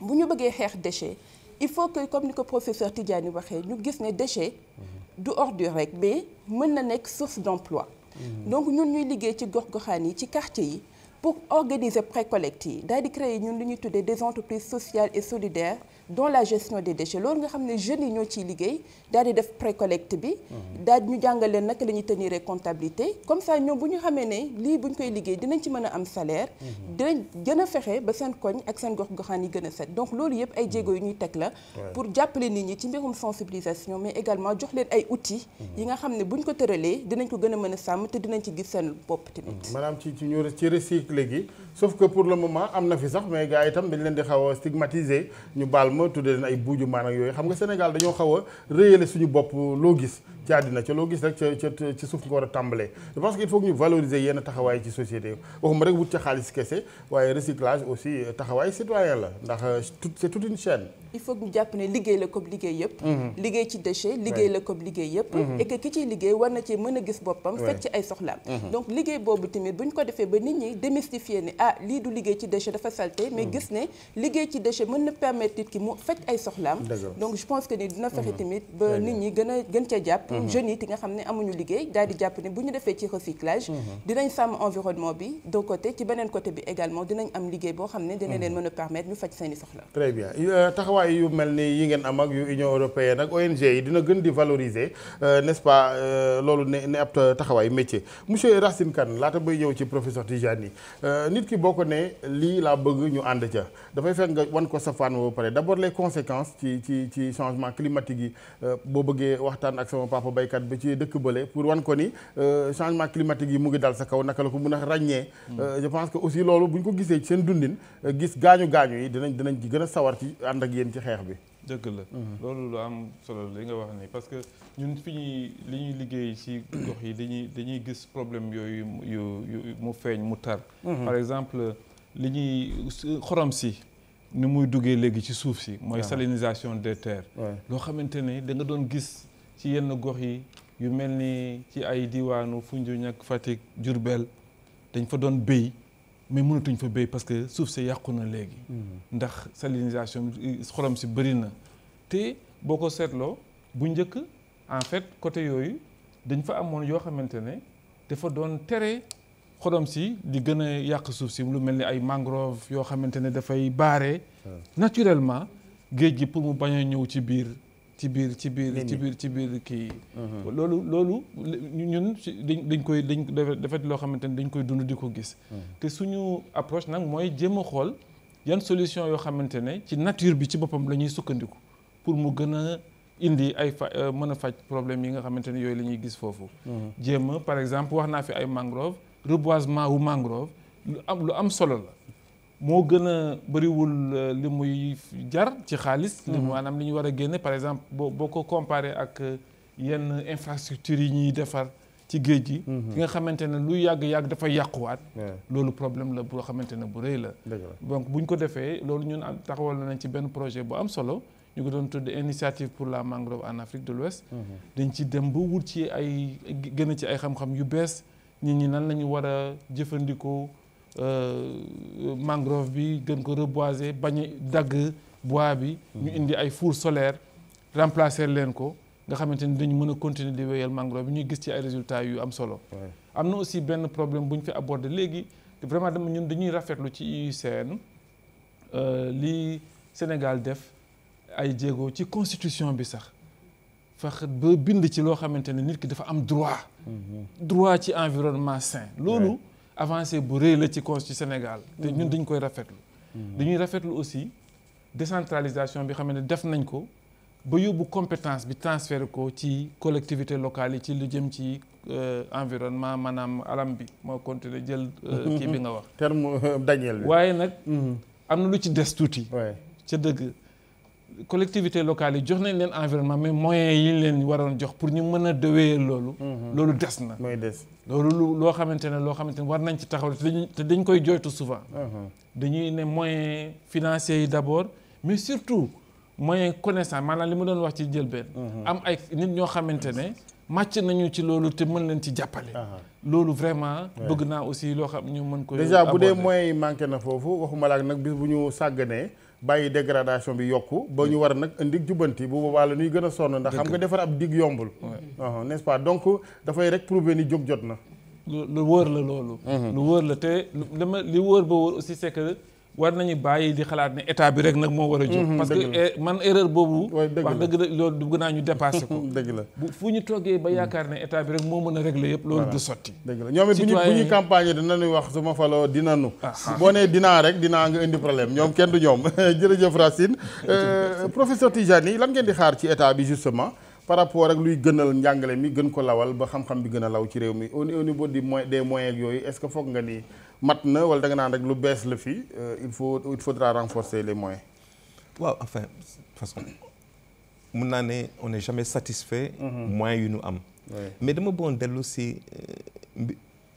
bu ñu bëggee xeex déchet il faut que comme ni ko professeur Tidjani waxee ñu gis ne déchet du ordure rek mais mën na nekk source d'emploi mmh. donc ñun ñuy liggéey ci gox-goxaan yi ci quartier yi pour organiser précollecte yi daal di créer ñun li ñuy tuddee des entreprises sociales et solidaires dans la gestion des déchets loolu nga xam ne jeunes yi ñoo ciy liggéey daal di def précollecte bi. daal ñu jàngal leen naka la ñuy tenir comptabilité comme ça ñoom bu ñu xamee ne lii bu ñu koy liggéey dinañ ci mën a am salaire. dinañ gën a fexe ba seen koñ ak seen gox goxaan yi gën a set donc loolu yëpp ay jéego yu ñuy teg la. pour jàppale nit ñi ci mbirum sensibilisation mais également jox leen ay outils. yi nga xam ne bu ñu ko tëralee dinañ ko gën a mën a sàmm te dinañ ci gis seen bopp tamit. maanaam ci ci ñu ci recycler sauf que pour le moment am na fi sax mais gars itam dañ leen di xaw a stigmatiser ñu baal ma tuddee leen ay buuju maan yooyu xam nga Sénégal dañoo xaw a réyale suñu bopp loo gis ci àddina ca loo gis rek ca ca ci suuf nga war a tàmbalee je pense que il faut que ñu yenn taxawaay ci société waxuma rek wut ca xaalis kese waaye recyclage aussi euh, taxawaay citoyen la ndax euh, c'est toute une chaîne il faut que jàpp ne liggéey la comme liggéey yëpp mhm. liggéey ci déchet liggéey la comme liggéey yëpp mhm. et ki ciy liggéey war na ci mën a gis boppam fekk ay soxlaam mhm. donc liggéey boobu tamit bu ñu ko defee ba nit ñi démystifier ne ah lii du liggéey a Mhm. jeunes yi ti nga xam ne amuñu liggéey daal di jàpp ne bu ñu defee ci recyclage mhm. dinañ sàmm environnement bi d'un côté ci beneen côté bi également dinañ am liggéey boo xam ne dina mhm. leen mën a permettre ñu faj seen soxla très bien euh, taxawaay yu mel ni yi ngeen am ak yu Union européenne ak ONG yi dina gën di valoriser euh, nest pas euh, loolu ne ne ab taxawaay métier monsieur Racine Kane laata bay ñëw ci professeur Tijani nit ki boo ko ne lii laa bëgg ñu ànd ca dafay fekk nga yi loxo béykat bi ci dëkk bële pour wan ko ni euh, changement climatique yi mu ngi dal sa kaw naka la ko mën a ràññee hmm. euh, je pense que aussi loolu bu ñu ko gisee ci seen dundin euh, gis gaañu gaañu yi dinañ dinañ ci gën a sawar ci ànd ak yéen ci xeex bi dëgg la hmm. loolu lu am solo li nga wax ni parce que ñun fi ñuy li ñuy liggéey ci gox yi dañuy dañuy gis problème yooyu yu mu feeñ mu tar hmm. par exemple li ñuy xorom si ni muy duggee léegi ci suuf si mooy salinisation des terres loo xamante ne ci yenn gox yi yu mel ni ci ay diwaanu Foundiougne ak Fatick Diourbel dañ fa doon béy mais mënatuñ fa béy parce que suuf si yàqu na léegi mm-hmm. ndax salinisation euh, xorom si bëri na te boo ko seetloo bu njëkk en fait côté yooyu dañ fa amoon yoo xamante ne dafa doon tere xorom si di gën a yàq suuf si lu mel ni ay mangrove yoo xamante ne dafay baare ah. naturellement géej gi pour mu bañ a ñëw ci biir ci biir ci biir ci biir ci biir kii mhm. loolu loolu ñun dañ dañ koy dañ defet loo xamante ni dañ koy dund di ko gis mhm. te suñu approche nag mooy jéem a xool yan solution yoo xamante ne ci nature bi ci boppam la ñuy sukkandiku pour mu gën a indi ay fa euh, mën a faj problème yi nga xamante ne yooyu la ñuy gis foofu mhm. jéem a par exemple wax naa fi ay mangrove reboisement wu mangrove lu am lu am solo la moo gën a bëriwul euh, li muy jar ci xaalis. Mm-hmm. li maanaam li ñu war a génne par exemple boo boo ko comparé ak euh, yenn infrastructure yi ñuy defar ci géej gi. Mm-hmm. ki nga xamante ne lu yàgg yàgg dafa yàquwaat. loolu problème la boo xamante ne bu rëy la. donc bu ñu ko defee loolu ñun taxawal nañ ci benn projet bu am solo. ñu ko doon tudd initiative pour la mangrove en Afrique de l'Ouest mm-hmm. dañ ci dem ba wut ci ay gën ci ay xam-xam yu bees nit ñi nan la ñu war a jëfandikoo. Euh, euh, mangrove bi gën ko reboiser bañ dagg bois bi. ñu mm-hmm. indi ay four solaire remplacer leen ko nga xamante ni dañu mën a continuer di wéyal mangrove bi ñuy gis ci ay résultat yu am solo. am na aussi benn problème bu ñu fi aborder léegi vraiment dama ñun dañuy rafetlu ci IUCN euh, li Sénégal def ay jéego ci constitution bi sax. fexe ba bind ci loo xamante ne nit ki dafa am droit. Mm-hmm. droit ci environnement sain loolu. avancé bu rëy la ci cause ci Sénégal te ñun dañ koy rafetlu dañuy rafetlu aussi décentralisation bi xam ne def nañ ko ba yóbbu compétence bi transféré ko ci collectivité locale yi ci lu jëm ci euh, environnement maanaam alam bi moo continuer jël euh, mhm, kii bi mhm. nga wax terme euh, Daniel bi waaye nag mhm. am na lu ci des tuuti ca dëgg collectivité locale yi jox nañ leen environnement mais moyens yi ñu leen waroon jox pour ñu mën a dëwee loolu. Mhm. loolu des na. mooy des loolu lu loo xamante ne loo xamante ne war nañ ci taxaw te dañ koy jooytu souvent. Mhm. dañuy ne moyens financiers d' abord mais surtout moyens connaissance maanaam li ma doon wax ci njëlbeen. Mhm. am ay nit ñoo xamante ne. màcc nañu ci loolu te mën leen ci jàppale. loolu vraiment. bëgg naa aussi loo xam ñu mën ko. déjà bu dee moyens yi manqué na foofu waxuma la ak nag bis bu ñu sàgganee. bàyyi dégradation bi yokk ba ñu war nag indi jubbanti bu boobaa la ñuy gën a sonn ndax xam nga defar ab digg yombul ah, n'est-ce pas dafay rek prouver ni jóg jot na lu wóor la loolu lu wóor la te li ma li wóor ba wóor aussi c'est war nañu bàyyi di xalaat ne état bi rek nag moo war a jóg mhm, parce que eh, man erreur boobu wax dëgg la loolu bëgg naa ñu dépassé ko dëgg la bu fu ñu toggee ba yaakaar ne état bi rek moo mën a régler yëpp loolu du sotti dëgg la ñoom it bu ñu campagne dinañu wax su ma faloo dina nu ah, ah. boo nee dinaa rek dinaa nga indi problème ñoom kenn du ñoom jërëjëf Racine euh, professeur Tijani lan ngeen di xaar ci état bi justement par rapport ak luy gënal njàngale mi gën ko lawal ba xam-xam bi gën a law ci réew mi au niveau des moyens yooyu est-ce que foog nga ni mat na wala da nga naan rek lu bees la fii euh, il faut il faudra renforcer les moyens. waaw enfin façon naa ne on n'est jamais satisfait. Mm-hmm. moyens yu ñu am. mais dama bëggoon dellu si euh,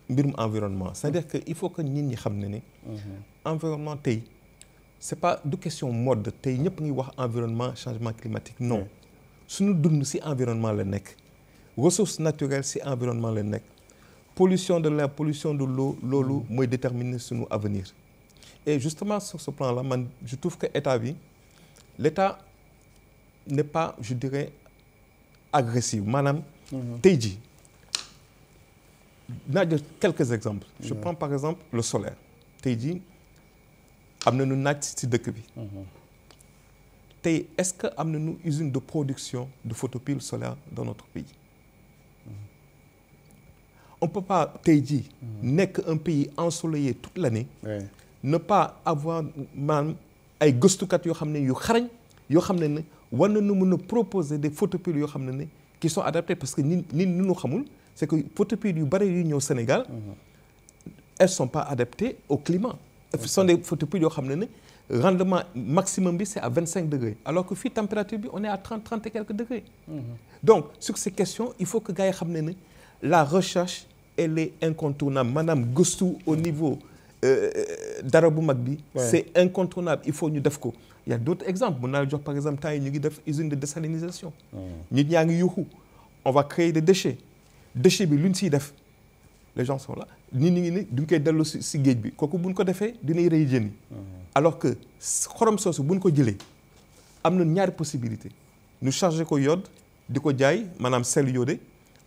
mbirum environnement c'est-à-dire que faut que nit ñi xam ne ni. Mm-hmm. environnement tey c'est pas du question mode tey ñëpp ngi wax environnement changement climatique non. suñu dund ci environnement la nekk ressources naturelles ci environnement la nekk pollution de la pollution de l'eau loolu mooy déterminer suñu avenir et justement sur ce plan la man je trouve que état bi l'état n'est pas je dirais agressif maanaam mhm. tey jii naa jël quelques exemples je prends par exemple le solaire tey jii am na nu naaj si dëkk bi mhm. tey est-ce que am nañu usine de production de photopile solaire dans notre pays on peut pas tey jii nekk un pays ensoleillé toute l'année ouais. ne pas avoir maanaam ay gëstukat yoo xam ne yu xarañ yoo xam ne ne war nu mun a proposer des photopiles yoo xam ne ne qui sont adaptés parce que ni ñun ñun ñu xamul c'est que photopiles yu bari yu ñëw Sénégal mhm. elles sont pas adaptées au climat ce sont des photopiles yoo xam ne ne rendement maximum bi c'est à 25 degrés alors que fii température bi on est à 30 30 quelques degrés. Mhm. donc sur ces questions il faut que gars yi xam ne ne la recherche elle est incontournable maanaam gëstu au niveau euh, euh, dara bu mag bi. c'est incontournable il faut ñu def ko. il y a d'autres naa jox par exemple temps yi ñu ngi def usine de désalinisation. Hmm. nit ñaa ngi yuuxu on va créer des déchets déchets bi lu ñu siy def les gens sont là nit ngi ne duñ koy delloo si si géej bi kooku buñ ko defee dina rey jën yi hmm. alors que xorom soosu buñ ko jëlee am na ñaari possibilité ñu chargé ko yode di ko jaay maanaam sel yodé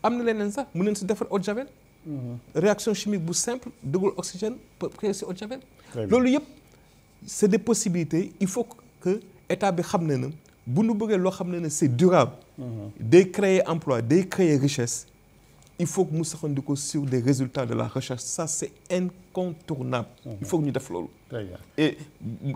am na leneen sax mën nañ si defar eau de javel mhm. réaction chimique bu simple duggal oxygène pour créer si loolu yëpp c'est des possibilités il faut que état bi xam ne na bu nu bëggee loo xam ne ne c'est durable mhm. day créer emploi day créer richesse il faut que mu saxandikoo sur des résultats de la recherche sa c'est incontournable. Mhm. il faut ñu def loolu. et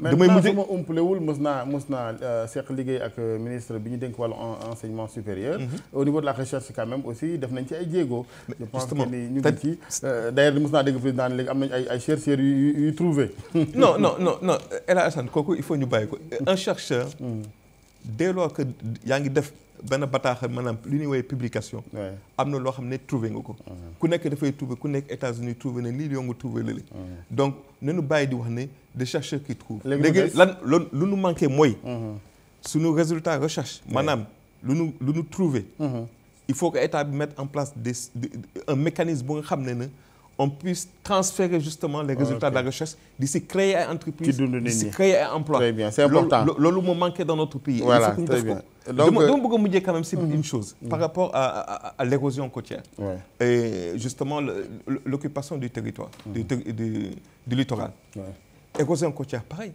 damay mujj ma umpalewul mës naa mës na euh, seq liggéey ak euh, ministre bi ñu dénk wàllu enseignement supérieur. Mhm. au niveau de la recherche quand même aussi def nañ ci ay jéego. je pense ni ñu ngi ci euh, d'ailleurs mës naa dégg président léegi am nañ ay ay chercheurs yu yu trouvé. non non non non El kooku il faut ñu bàyyi ko un chercheur. Mm. dès lors que yaa ngi def benn bataaxal maanaam lu ñuy woowee publication. am na loo xam ne trouver nga ko. ku nekk dafay trouvé ku nekk États-Unis trouvé na lii yow nga trouvé lële. donc nañu bàyyi di wax ne des chercheurs qui trouvent. léegi lan loolu lu nu manqué mooy. Mm-hmm. suñu résultat recherche. maanaam lu nu lu nu trouvé. Mm-hmm. il faut que état bi mettre en place des un mécanisme bu nga xam ne na. on puisse transférer justement les résultats de la recherche d'ici créer ay entreprise d'ici créer ay emploi très bien c'est important loolu moo manqué dans notre pays voilà très bien donc euh, dama bëgg a mujjee quand même si mhm. une chose mm -hmm. par l'érosion côtière ouais. et du territoire mhm. du, du, érosion côtière pareil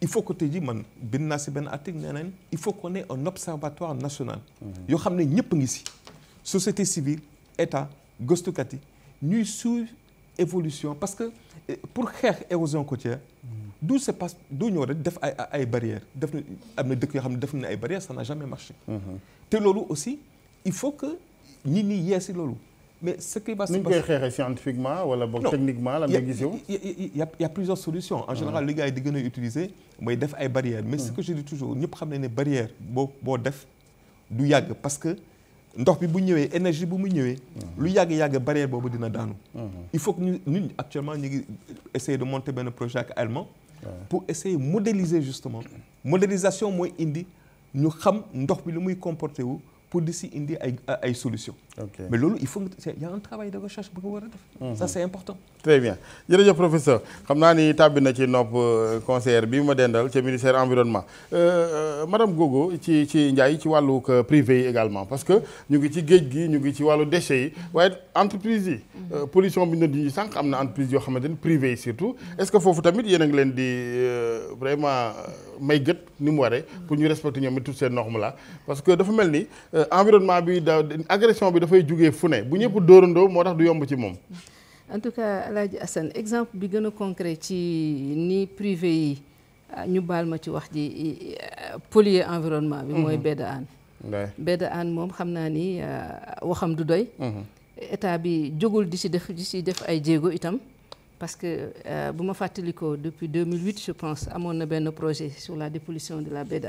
il faut que ji man bind naa si benn article nee nañ il faut qu'on ait un national mhm. yoo xam ne ñëpp ngi si société civile état gëstukat yi ñuy suivre évolution parce que eh, pour xeex érosion côtière du se passe du ñëw rek def ay ay barrières def na am na dëkk yoo xam ne def na ay barrières ça n'a jamais marché mhm. te loolu aussi il faut que ñi ñi yeesi loolu mais ce qui va se passer. ni ñu koy xeexee scientifiquement wala boog techniquement. lan nga gis yow y' a plusieurs solutions. en ah. général li gars yi di gën a utiliser mooy def ay barrières. mais ce mm. que je dis toujours ñëpp xam nañ ne barrière boo boo def du yàgg parce que. ndox bi bu ñëwee énergie bu mu ñëwee. Mhm. lu yàgg yàgg barrière boobu dina daanu. Mhm. il faut que ñu actuellement ñu ngi essayer de monter benn projet ak allemand. pour essayer modéliser justement. modélisation mooy indi ñu xam ndox bi lu muy comporté wu pour di si indi ay ay solution Okay. mais loolu il faut que y a un travail de recherche bu ko war a def. Mhm. ça c'est important. très bien jërëjëf professeur xam naa ni tàbbi ci nopp euh, conseillère bi ma dendal ca ministère environnement euh, euh madame ci ci ci wàllu privé yi également parce que ñu ngi ci géej gi ñu ngi ci wàllu déchets yi mhm. waaye entreprise yi. Mhm. Euh, pollution bi ñu doon di sànq am na entreprise yoo xamante ni privé yi surtout est-ce que foofu tamit yéen a ngi leen di vraiment may gët ni mu waree pour ñu respecter ñoom it toutes ces normes là dafay jugee fu ne bu ñëpp dóorandoo moo tax du yomb ci moom. en tout cas El Hadj exemple bi gën a concret ci ni privé yi ah, ñu baal ma ci wax ji polluer environnement bi. mooy Beda Anne. waay Beda moom xam naa ni euh, waxam du doy. Mhm. état bi jógul di si def di si def ay jéego itam. parce que euh, bu ma fàttalikoo depuis 2008 je pense amoon na benn projet sur la dépolition de la baie de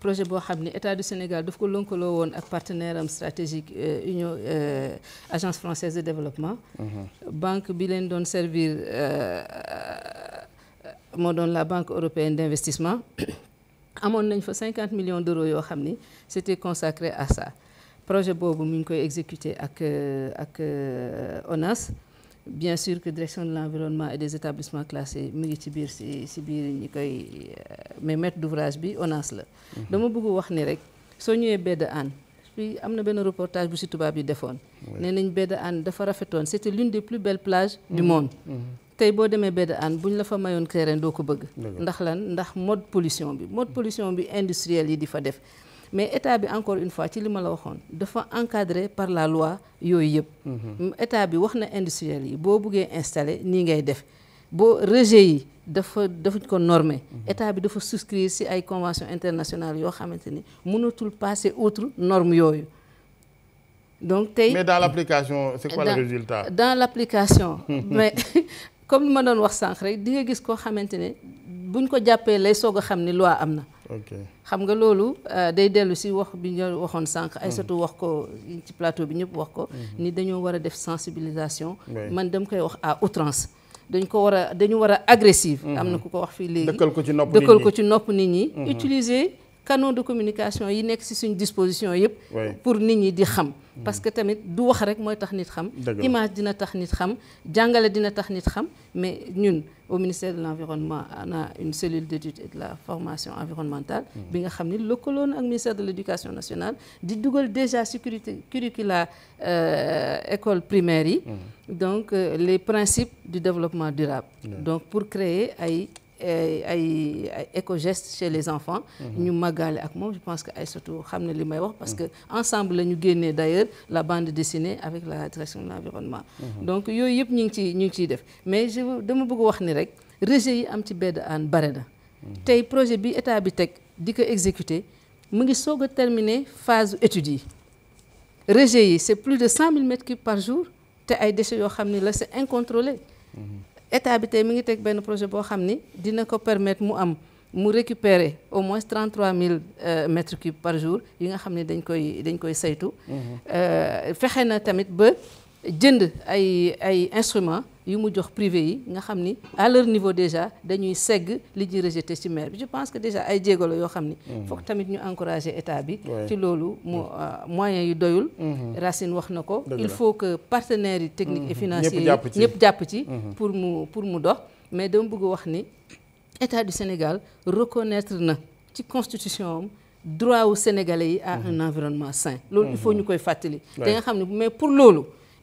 projet boo xam ne état du Sénégal daf ko lënkaloo woon ak partenaire am stratégique euh, union euh, agence française de développement. Mhm. banque bi leen doon servir euh, moo doon la banque européenne d'investissement amoon nañ fa cinquante millions d'euros yoo xam ni c'était consacré à ça projet boobu mu ngi koy exécuter ak ak ONAS. bien sûr que direction de l'environnement et des établissements classés mu ngi ci biir si si biir ñi koy euh, mais maître d'ouvrage bi ONAS la. Mhm. dama bëgg wax ni rek soo ñëwee bedd aan puis am na benn reportage bu si tubaab yi defoon. nee nañ bedd aan dafa rafetoon c'était l'une des plus belles plages du mhm. monde. Mhm. tey boo demee bedd aan buñ la fa mayoon terrain doo ko bëgg. ndax lan ndax mode pollution bi mode pollution bi industrielle yi di fa def. mais état bi encore une fois ci li ma la waxoon dafa encadré par la loi yooyu yëpp. Mhm. état bi wax na industriel yi boo buggee installé nii ngay def boo rejet yi dafa dafa ko normé. Mhm. état bi dafa souscrire si ay convention internationale yoo xamante ni mënatul passer outre norme yooyu. donc tey mais dans l'application dans, le résultat. mais comme li ma doon wax sànq rek di nga gis koo xamante ne buñ ko jàppee lay soog xam ni loi am na. xam nga loolu euh, day dellu si wax bi ñu waxoon sànq. ay surtout wax ko ci plateau bi ñëpp wax ko. Mhm. ni dañoo war a def sensibilisation. man dam koy wax à outrance. dañ ko war a dañu war a agressive. Mhm. am na ku ko wax fii léegi dëkkal ko ci nopp nit ñi ko ci nopp nit ñi. Mhm. utiliser canaux de communication yi nekk si suñu disposition yëpp. pour nit ñi di xam. parce que tamit du wax rek mooy tax nit xam image dina tax nit xam jàngale dina tax nit xam mais ñun au ministère de l'environnement on a une cellule d'étude de la formation environnementale hmm. bi nga xam ni lëkkaloo na ak ministère de l'éducation nationale di dugal déjà sécurité curricula euh, école primaire yi hmm. donc euh, les principes du développement durable donc pour créer ay ay ay éco-gestes chez les enfants. Mhm. ñu màggaale ak moom je pense que ay surtout xam ne li may wax. parce que ensemble la ñu génnee d'ailleurs la bande dessinée avec la direction de l'environnement. Mhm. donc yooyu yëpp ñu ngi ciy ñu ngi ciy def mais je dama bëgg wax ni rek rejet yi am ci bedd aan bare na. Mhm. tey projet bi état bi teg di ko exécuter mu ngi soog a terminer phase étude yi rejet yi c'est plus de cent mille mètres cubes par jour te ay déchets yoo xam ni la c'est incontrôlé. état bi tey mi ngi teg benn projet boo xam ni dina ko permettre mu am mu récupérer au moins 33 000 euh, mètres cubes par jour yi nga xam ne dañ koy dañ koy saytu mm-hmm. euh, fexe na tamit ba jënd ay ay instruments yu mu jox privé yi nga xam ni à leur niveau déjà dañuy segg li ñuy rejeté ci maire bi je pense que déjà ay jéego la yoo xam ni mhm. foog tamit ñu encourager état bi ci loolu mu euh, moyens yu doyul mhm. Racine wax na ko il faut que partenaire yi techniques mhm. et financiers yi ñëpp jàpp ci pour mu pour mu dox mais dama bëgg wax ni état du Sénégal reconnaitre na ci constitution am droit wu sénégalais yi à un environnement sain loolu il faut ñu koy fàttali te nga xam ne mais pour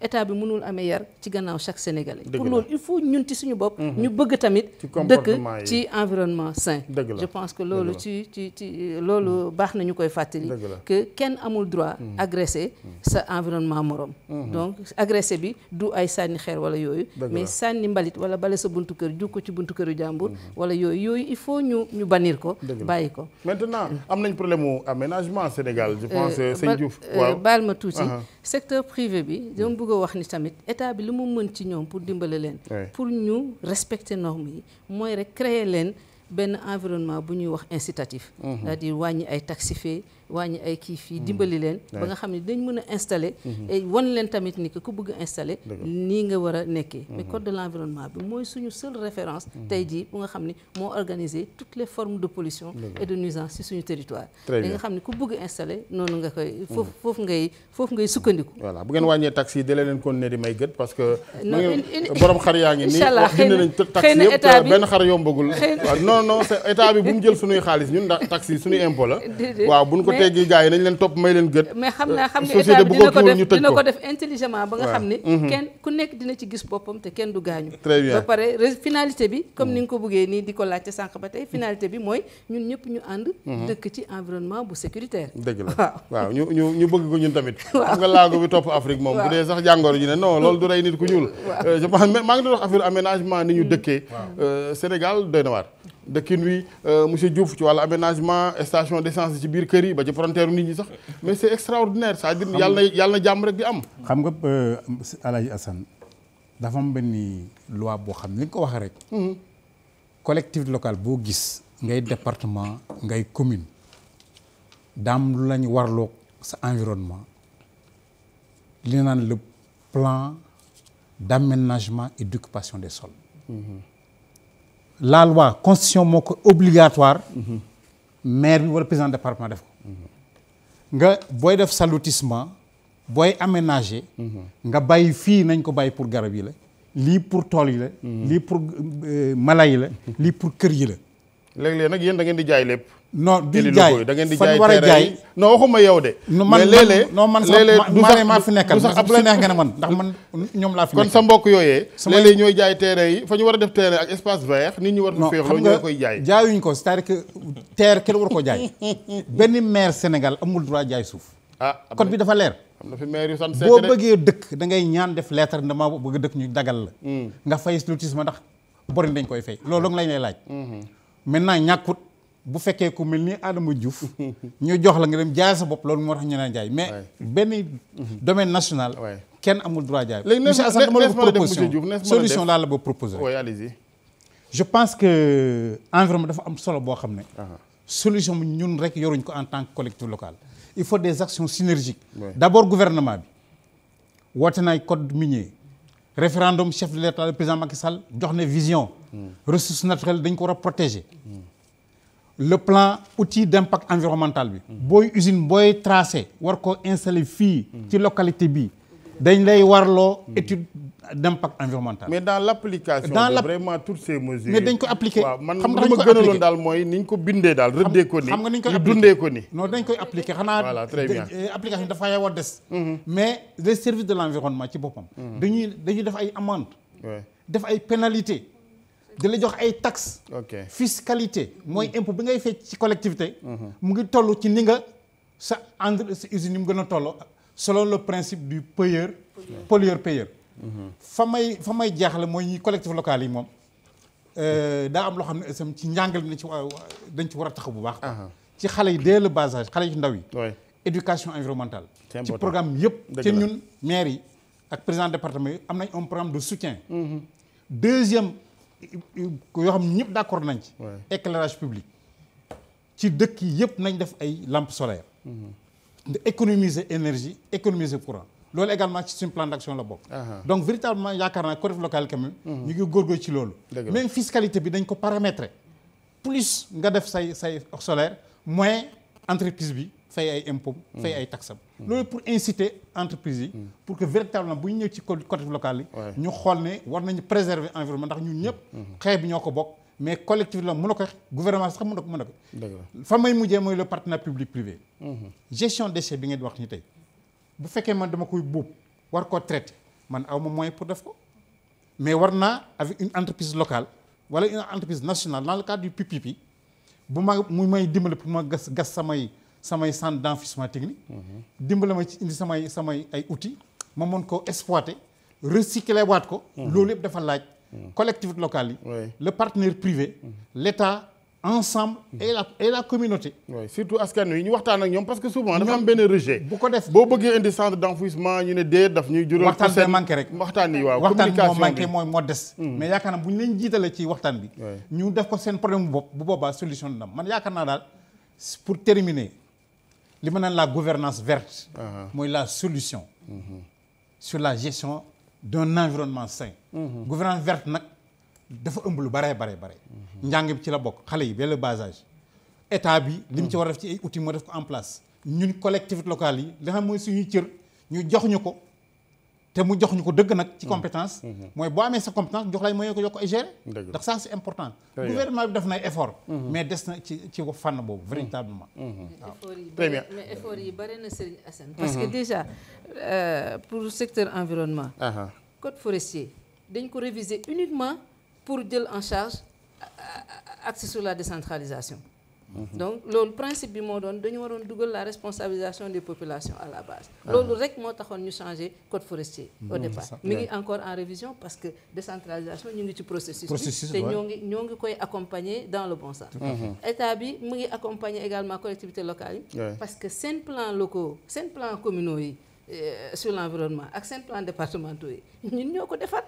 état bi mënul amee yar ci gannaaw chaque sénégalais. pour loolu il faut ñun ci suñu bopp. Mhm. ñu bëgg tamit dëkk ci environnement sain. je pense que loolu ci ci ci loolu mhm. baax na ñu koy fàttali. que kenn amul droit mhm. agresser sa environnement morom. donc agressé bi du ay sànni xeer wala yooyu. mais sànni mbalit wala bale sa buntu kër jug ko ci buntu këru jàmbur. wala yooyu yooyu il faut ñu ñu bannir ko. bàyyi ko maintenant am nañ problème aménagement Sénégal je euh, euh, secteur privé bi dama bëgg a wax ni tamit état bi li mu mën ci ñoom pour dimbale leen pour ñu respecter normes yi mooy rek créer leen benn environnement bu ñuy wax incitatif mhm. c'est-à-dire wàññi ay taxifé wàññi ay kii fii mm. dimbali leen ba nga xam ne dañ mën a installer mm-hmm. et wan leen tamit ni que ku bëgg installer nii nga war a nekkee mm-hmm. mais code de l'environnement bi mooy suñu seule référence mm-hmm. tey jii bu nga xam ne moo organiser toutes de pollution et de suñu territoire da nga xam ne ku bëgg installer noonu nga koy foofu foofu ngay foofu ngay sukkandiku voilà bu ngeen wàññee taxes yi da leen kon ne di may gët parce que borom xar yaa ngi nii wax dina nañ taxes yëpp te benn xar yombagul waaw non non état bi bu mu jël suñuy xaalis ñun ndax taxes yi suñuy impôt la waaw buñ ko côté gi gars yi nañ leen topp may leen gët mais xam naa xam nga état bi dina ko def dina ba nga xam ni kenn ku nekk dina ci gis boppam te kenn du gaañu très bien ba pare finalité bi comme ni nga mm. ko bëggee nii di ko laajte sànq ba tey finalité bi mooy ñun ñëpp ñu ànd mm-hmm. dëkk ci environnement bu sécuritaire dëgg la waaw ñu ñu ñu bëgg ko ñun tamit xam nga laago bi topp Afrique moom bu dee sax jàngoro ji ne non loolu du rey nit ku ñuul euh, je pense maa ngi doon wax affaire aménagement ni ñu dëkkee euh, Sénégal doy na waar dëkkin wi euh, monsieur Diouf ci wàllu aménagement station d'essence ci biir kër yi ba ci frontière nit ñi sax mais c'est extraordinaire cest dire yàlla yàlla na jàmm rek di am. xam nga euh, Alaaji Assane dafa am benn loi boo xam ni nga ko waxee rek. Mm-hmm. collectivité locale boo gis ngay département ngay commune daam lu lañ warloo sa environnement li naan le plan d'aménagement et d'occupation des sols. Mm-hmm. la loi constitution moo ko obligatoire maire bi wala président département def ko nga booy def salotissement booy aménager nga bàyyi fii nañ ko bàyyi pour garab yi la lii pour tool yi la mhm. lii pour euh, mala yi la mhm. lii pour kër yi la léeg-léeg nag yéen da ngeen di jaay lépp no du jaay da ngeen di jaay war a jaay non waxuma yow de mais léeg-léeg non man léeg-léeg maa fi nekkal sax ab la neex nga ne man ndax man ñoom laa fi kon sa mbokk yooyee léeg-léeg ñooy jaay terrain yi fa ñu war a def terrain ak espace vert nit ñi war na féexloo ñoo koy ko c'est-à-dire war ko jaay benn maire Sénégal amul droit jaay suuf ah bi dafa leer am fi maire yu sant dëkk da ngay ñaan def lettre dama bëgg dëkk ñu dagal la hmm. nga fay ma ndax borin dañ koy fay loolu lañ lay laaj hmm. maintenant ñàkkut bu fekkee ku mel ni Adama Diouf ñu jox la nga dem jaay sa bopp loolu moo tax ñu naan jaay mais benn domaine national kenn amul droit jaay léegi monsieur Assane dama la ko proposition solution laa la ba proposé allez-y je pense que environnement dafa am solo boo xam ne ah. solution bu ñun rek yoruñ ko en tant que collectif local il faut des actions synergiques d'abord gouvernement bi woote naay code minier référendum chef de l'État le président Macky sal jox ne vision hmm. ressources naturelles dañ ko war a le plan outil d'impact environnemental bi. Hmm. booy usine booy tracé war ko installé fii. Hmm. ci localité bi dañ lay warloo hmm. étude d'impact environnemental. mais dans l'application de vraiment toutes ces mesures. mais dañ ko appliqué waaw man li ma gënaloon daal mooy ni ko bindee daal rëddee ko ni. xam nga ni ñu koy dundee ko ni. non dañ koy appliqué xanaa. voilà très bien eh, application dafa yaw a des. mais les services de l'environnement ci boppam. dañuy dañuy def ay amendes. def ay pénalités. di la jox ay taxes. ok fiscalité mooy mm. impôt bi ngay fay ci collectivité. Mm-hmm. mu ngi toll ci ni nga sa entre sa usine yi mu gën a toll selon le principe du payeur. Mm-hmm. pollueur payeur. Mm-hmm. fa may fa may jaaxle mooy ñi collectif local yi moom euh, daa am loo xam ne itam ci njàngal na ci dañ ci war a taxaw bu baax. Uh-huh. ci xale yi dès le bas âge xale yi ndaw yi. éducation environnementale. ci programme yëpp. ci ñun maire yi ak président département yi am nañ un programme de soutien. yoo xam ñëpp d'accord nañ ci. éclairage public. ci dëkk yi yëpp nañ def ay lampes solaires. Mhm. de économiser énergie économiser courant. loolu également ci suñu plan d'action la bokk. donc véritablement yaakaar naa collectivité locale quand mhm. ñu ngi góorgóorlu ci loolu. mais fiscalité bi dañ ko paramétrer. plus nga def say say solaire moins entreprise bi. fay ay impôts hmm. fay ay taxam hmm. loolu pour inciter entreprise yi hmm. pour que véritablement bu ñu ñëw ci côté local yi ñu xool ne war nañu préserver environnement ndax ñu ñëpp xeex bi ñoo ko bokk mais collectivité la mën na ko gouvernement sax mën na ko mën na ko fa may mujjee mooy le partenariat public privé gestion déchets bi ngeen wax ni tey bu fekkee man dama koy buub war koo traité man aw ma moyen pour def ko mais war naa avec une entreprise locale wala une entreprise nationale dans le cadre bu ma mu may dimbali pour ma gas gas samay samay centre d'enfouissement technique dimbale ma ci indi samay samay ay uti ma mën koo exploiter recycler waat ko mhm. loolu yëpp dafa laaj mhm. collectivités local yi oui. le partenaire privé mhm. l'État ensemble et la et la communauté. oui surtout askan wi ñu waxtaan ak ñoom parce que souvent dafa am bëggee indi centre d'enfouissement ñu ne dee daf ñuy jural. waxtaan bi manqué rek waxtaan bi waaw communication bi waxtaan bi moo manqué mooy moo des. mais yaakaar naa bu ñu leen jiitalee ci waxtaan bi. ñu def ko seen boobaa solution dina man yaakaar naa daal pour li ma naan la gouvernance verte uh-huh. mooy la solution mm-hmm. sur la gestion d'un environnement sain mm-hmm. gouvernance verte nag dafa ëmb lu bare bare bare mm-hmm. njàng bi ci la bokk xale yi ba le bas état bi li mu ci war a def ci ay outils moo def ko en place ñun collectivités locale yi li xam mooy suñuy cër ñu jox ñu ko te mu jox ñu ko dëgg nag ci mm-hmm. compétence mm-hmm. mooy boo amee sa compétence jox lay mooy ko yokk ay gérer ndax ça c'est important gouvernement bi def nay effort mm-hmm. mais des na ci ci fànn boobu véritablement très bien mais effort yi bëri na Serigne Assane parce que déjà euh, pour secteur environnement uh-huh. code forestier dañ ko réviser uniquement pour jël en charge euh, euh, axé sur la décentralisation Mhm. donc loolu principe bi moo doon dañu waroon dugal la responsabilisation des populations à la base. loolu ah. rek moo taxoon ñu changer code forestier. au mhm. départ mi ngi encore en révision parce que décentralisation ñu ngi ci processus. ñoo ngi ñoo ngi koy accompagner dans le bon sens. Mhm. état bi mu ngi accompagner également collectivités locales yi. parce que seen plan locaux seen plan communaux yi euh, sur l' environnement ak seen plan départementaux yi ñun ñoo ko defar.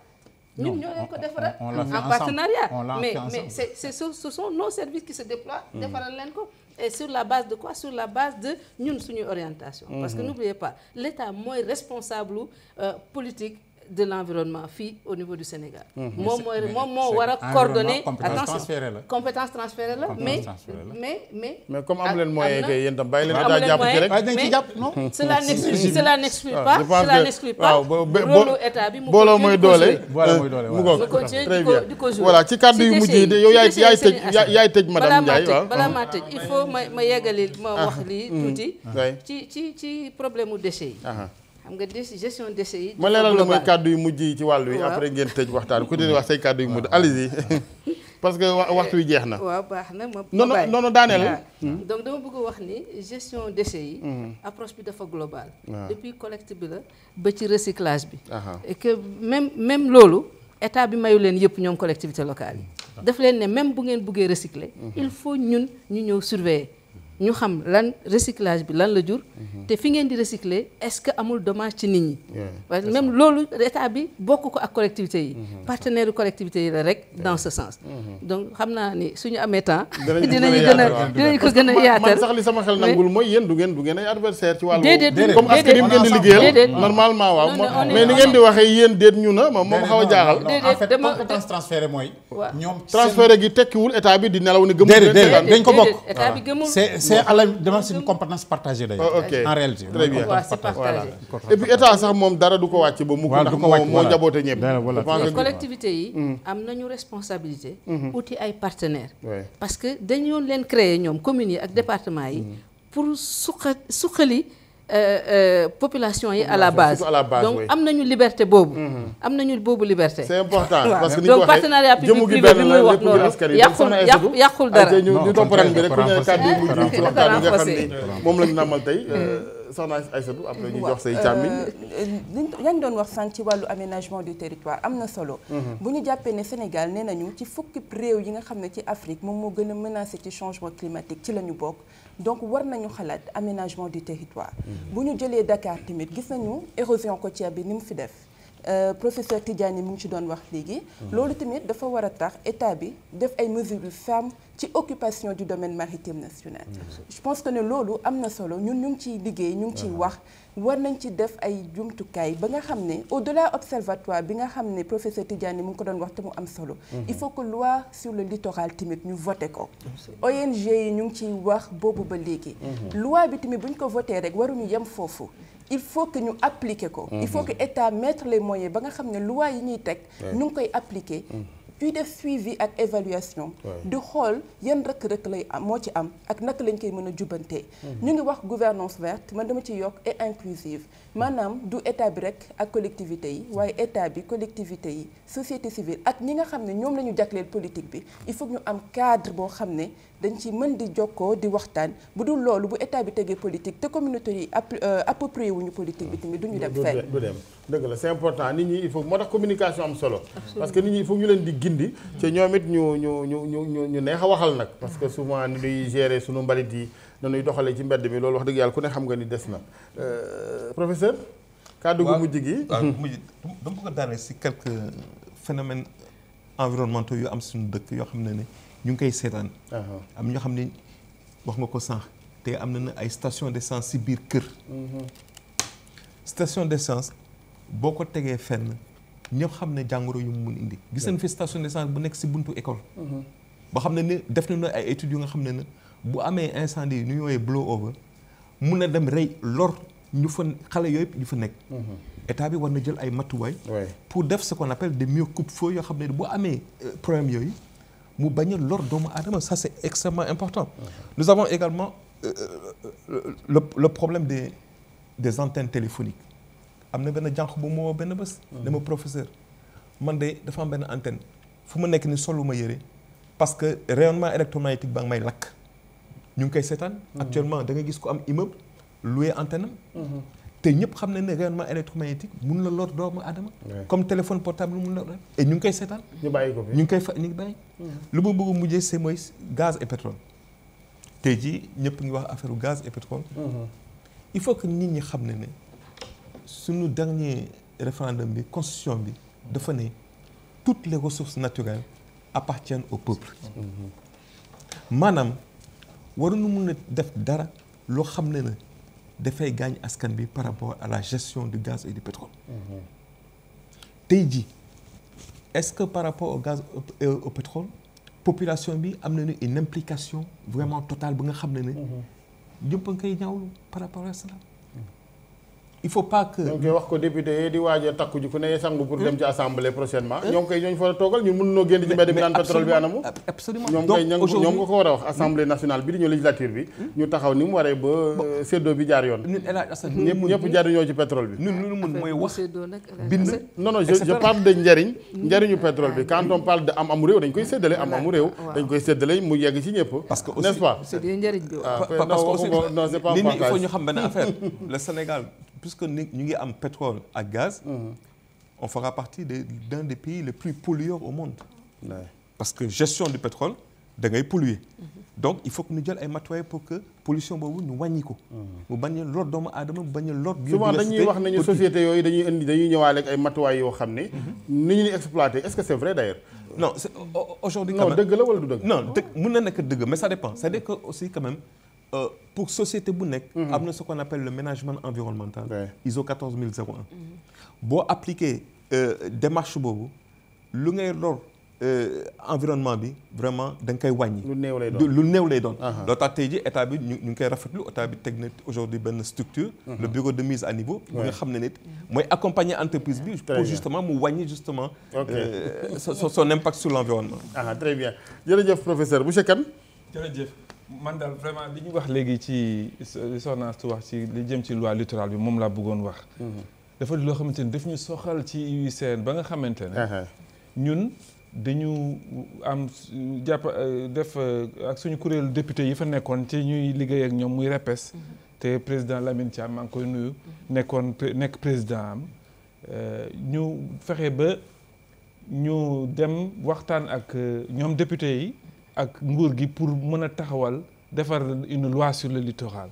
ñun ñoo leen ko defaral en partenariat mais mais c'est c'est ce sont nos services qui se déploient hmm. defaral leen ko et sur la base de quoi sur la base de ñun suñuy orientation parce que hmm. n'oubliez pas l'État mooy responsable euh, politique de l'environnement fii au niveau du Sénégal. Mhm. moom mooy moom moo war a coordonner. attention compétence transférée la. mais mais mais. comme amu leen moyen kay yéen tam bàyyi leen état jàpp ci rek. mais mais cela n'exclut ah, cela n'exclut pas cela n'exclut pas. rôle état bi mu booloo mooy doole. booloo mooy doole waaw mu continuer di ko di ko jouer. voilà ci kàddu yu mujj yi de yow yaay tëj yaay tëj madame Ndiaye waaw. balaa tëj il faut ma ma yeggali ma ah. wax lii mm. tuuti. ci ci ci problème mu déchets yi. Ah. xam nga gestion déchets yi. ma leeral la mooy kàddu yu mujj yi ci wàll wi. après ngeen tëj waxtaan ku ne wax say kàddu yu mujj allez-y parce que waxtu wi jeex na. waaw baax na ma non non daaneel. Hmm? donc dama bëgg wax ni gestion déchets yi. Hmm. approche bi dafa globale. depuis collecte bi la ba ci recyclage bi. et que même même loolu état bi mayu leen yëpp ñoom collectivité locale yi. Hmm. daf leen ne même bu ngeen buggee recycler. il faut ñun ñu ñëw surveiller. ñu xam lan recyclage bi lan la jur. te fi ngeen di recycler est-ce que amul dommage ci nit ñi. parce que même loolu état bi bokk ko ak collectivité yi. Mm-hmm. partenaire collectivité yi la rek dans ce sens. Mm-hmm. donc xam naa ni suñu amee temps. dinañu gën a ko gën a yaatal li sama xel nangul mooy yéen du ngeen du ngeen ay adversaire ci wàllu. déedéet comme askan bi ngeen di liggéeyal normalement waaw. mais ni ngeen di waxee yéen déet ñu na moom moom xaw a jaaxal. en fait compétence mooy. ñoom transféré gi tekkiwul état bi di nelaw ni gëmul. déedéet dañ ko bokk c'est à la demande c'est une compétence partagée d'ailleurs. Oh, ok en réalité très bien voilà. et puis état sax moom dara du ko wàcc ba mu. ndax moo moo njaboote ñëpp. voilà collectivité yi. Hmm. am nañu responsabilité. Hmm. uti ay partenaires. parce que dañu leen créer ñoom commune yi ak département yi. Hmm. pour suqa suqali. Euh, euh, population yi à la base donc am nañu liberté boobu. Mm-hmm. am nañu boobu liberté. c'est important parce que ni donc partenariat public privé bi muy wax loolu yàqul yàqul dara. Ah, ñu ñu topp ren bi rek ku ñu kàddu yi mujj ci waxtaan bi nga xam ni moom lañu namal tey. Euh, soxna Aïssatou après ñu jox say càmmiñ. yaa ngi doon wax sànq ci wàllu aménagement du territoire am na solo. Mm-hmm. bu ñu jàppee ne Sénégal nee nañu ci fukki réew yi nga xam ne ci Afrique moom moo gën a menacé ci changement climatique ci la ñu bokk. donc war nañu xalaat aménagement du territoire mhm. bu ñu jëlee dakaar tamit gis nañu érosion côtière bi ni mu fi def euh, professeur Tidjani mu ngi ci doon wax léegi mhm. loolu tamit dafa war a tax état bi def ay mesures yu fermes ci occupation du domaine maritime national mhm. je pense que ne loolu am na solo ñun ñu ngi ciy liggéey ñu ngi ciy wax war nañ ci def ay jumtukaay ba nga xam ne au delà observatoire bi nga xam ne professeur Tidjani mu ngi ko doon wax te mu am solo. Mhm. il faut que loi sur le littoral tamit ñu voté ko. ONG yi ñu ngi ciy wax boobu ba léegi. Mhm. loi bi tamit bu ñu ko voté rek waruñu yem foofu. il faut que ñu appliquer ko. il faut mhm. que état mettre les moyens ba nga xam ne loi yi ñuy teg. nu ngi koy appliquer. puis def suivi ak évaluation di xool yan rëkk-rëkk lay am moo ci am ak naka lañ koy mën a jubantee mhm. ñu ngi wax gouvernance verte man dama ci yokk et inclusive maanaam du état bi rek ak collectivité yi waaye état bi collectivité yi société civile ak ñi nga xam ne ñoom la ñu jagleel politique bi il faut ñu am cadre boo xam ne dañ ci mën di jokkoo di waxtaan bu dul loolu bu état bi tegee politique te communauté yi euh, approprié wuñu politique bi tamit du ñu dem fenn du dem dëgg la c'est important nit ñi il faut moo tax communication am solo parce que nit ñi il faut ñu leen di gindi mm-hmm. te ñoom it ñu ñu ñu ñu ñu neex a waxal nag parce que souvent ni duy gérer nanuy doxalee ci mbedd mi loolu wax dëgg yàlla ku ne xam nga ni des na euh, professeur kàddu gu mujj gi dama bëgg daanee si quelques phénomènes environnementaux yu am suñu dëkk yoo xam ne ni ñu ngi koy seetaan uh-huh. am ñoo xam ne wax nga ko sànq te am na ay station d'essence si biir kër mm-hmm. station de d'essence boo ko tegee fenn ñëpp xam ne jàngoro yu mu mun indi gis nañ fi station d'essence bu nekk si buntu école mm-hmm. boo xam ne ne def nañu ay études yu nga xam ne ne bu amee incendie nu ñooy blow over mun na dem rey lor ñu fa xale yooyu ñu fa nekk. Mm-hmm. état bi war na jël ay matuwaay. pour def ce qu'on appelle des mieux coupe foo yoo xam ne bu amee euh, problème yooyu mu bañ a lor doomu aadama ça c'est extrêmement important. Mm-hmm. nous avons également euh, euh, le le problème des des antennes téléphoniques am na benn jànq bu moo benn bés. Mm-hmm. dama professeur man de dafa am benn antenne fu ma nekk ni soluma yëre parce que rayonnement électromagnétique ba nga may lakk. ñu ngi koy seetaan. Mm-hmm. actuellement da nga gis ko am immeuble loué antenne mm-hmm. te ñëpp xam nañ ne rayonnement électromagnétique mun la lor doomu aadama. comme téléphone portable mun la lor ñu ngi koy seetaan. ñu bàyyi ko ngi koy fa ñu ngi bàyyi. Mm-hmm. lu ma bëgg mujjee c'est mooy gaz et pétrole. tey jii ñëpp ngi wax affaire gaz et pétrole. il faut que nit ñi xam ne ne suñu dernier référendum bi constitution bi dafa ne toutes les ressources naturelles appartiennent au peuple. maanaam. waruñu mun a def dara loo xam ne na dafay gaañ askan bi par rapport à la gestion du gaz et du pétrole mm-hmm. tey jii est-ce que par rapport au gaz et euh, au pétrole population bi am nañu une implication vraiment totale bi nga xam ne ne mm-hmm. ñëpp a koy ñaawlu par rapport à cela il faut pas a takku ji ku ñoo ngi koy ñooñu fa la toogal ñoom ko war a wax assemblée hmm? nationale bi di législature bi. Hmm? ñu taxaw ni mu waree ba séddoo bi jaar yoon. Hmm? ñun jariñoo ci pétrole bi. ñun lu mun mooy wax bind. non je je parle njariñ. njariñu pétrole bi quand on am amu réew dañ koy séddale am amu réew. dañ koy séddale mu yegg ci ñëpp. parce que aussi n'est-ce pas. c'est njariñ ah, que aussi non c'est ñu xam benn affaire que ni ñu ngi am pétrole ak gaz. Mhm. on fera partie de d'un des pays les plus pollueurs au monde. parce que gestion du pétrole da ngay polluer. Mhm. donc il faut que ñu jël ay matuwaay pour que pollution boobu ñu wàññi ko. Mhm. mu bañ a doomu aadama mu bañ a lor. souvent dañuy wax ne société yooyu dañuy indi dañuy ñëwaale ak ay matuwaay yoo xam ne. ni ñu ni est-ce que c'est vrai d'ailleurs. non aujourd'hui. non dëgg la wala du dëgg. non dëgg mën na Euh, pour société bu nekk. Mhm. am na ce qu'on appelle le management environnemental. ISO 14001. Mhm. boo appliqué euh, démarche boobu lu ngay lor euh, environnement bi vraiment da nga koy wàññi. lu néew lay doon lu néew lay doon. loo tax tey jii état bi ñu ñu ngi koy rafetlu état bi teg na aujourd'hui benn structure. Mhm. le bureau de mise à niveau. bu nga xam ne nit mooy accompagner entreprise bi. pour justement mu wàññi justement. son son impact sur l'environnement. ah très bien jërëjëf professeur monsieur Kane. jërëjëf. man daal vraiment li ñu wax léegi ci soxna Astou wax ci li jëm ci loi littorale bi moom laa bëggoon wax. Mhm. dafa loo xamante ni daf ñu soxal ci UICN ba nga xamante ne. Uh-huh. ñun dañu am jàpp euh, def euh, ak suñu kuréelu député yi fa nekkoon ci ñuy liggéey ak ñoom muy repes mhm. te président Lamine Thiam maa ngi koy nuyu. Mhm. nekkoon nekk président am euh, ñu fexe ba ñu dem waxtaan ak ñoom député yi. ak nguur gi pour mën a taxawal defar une loi sur le littoral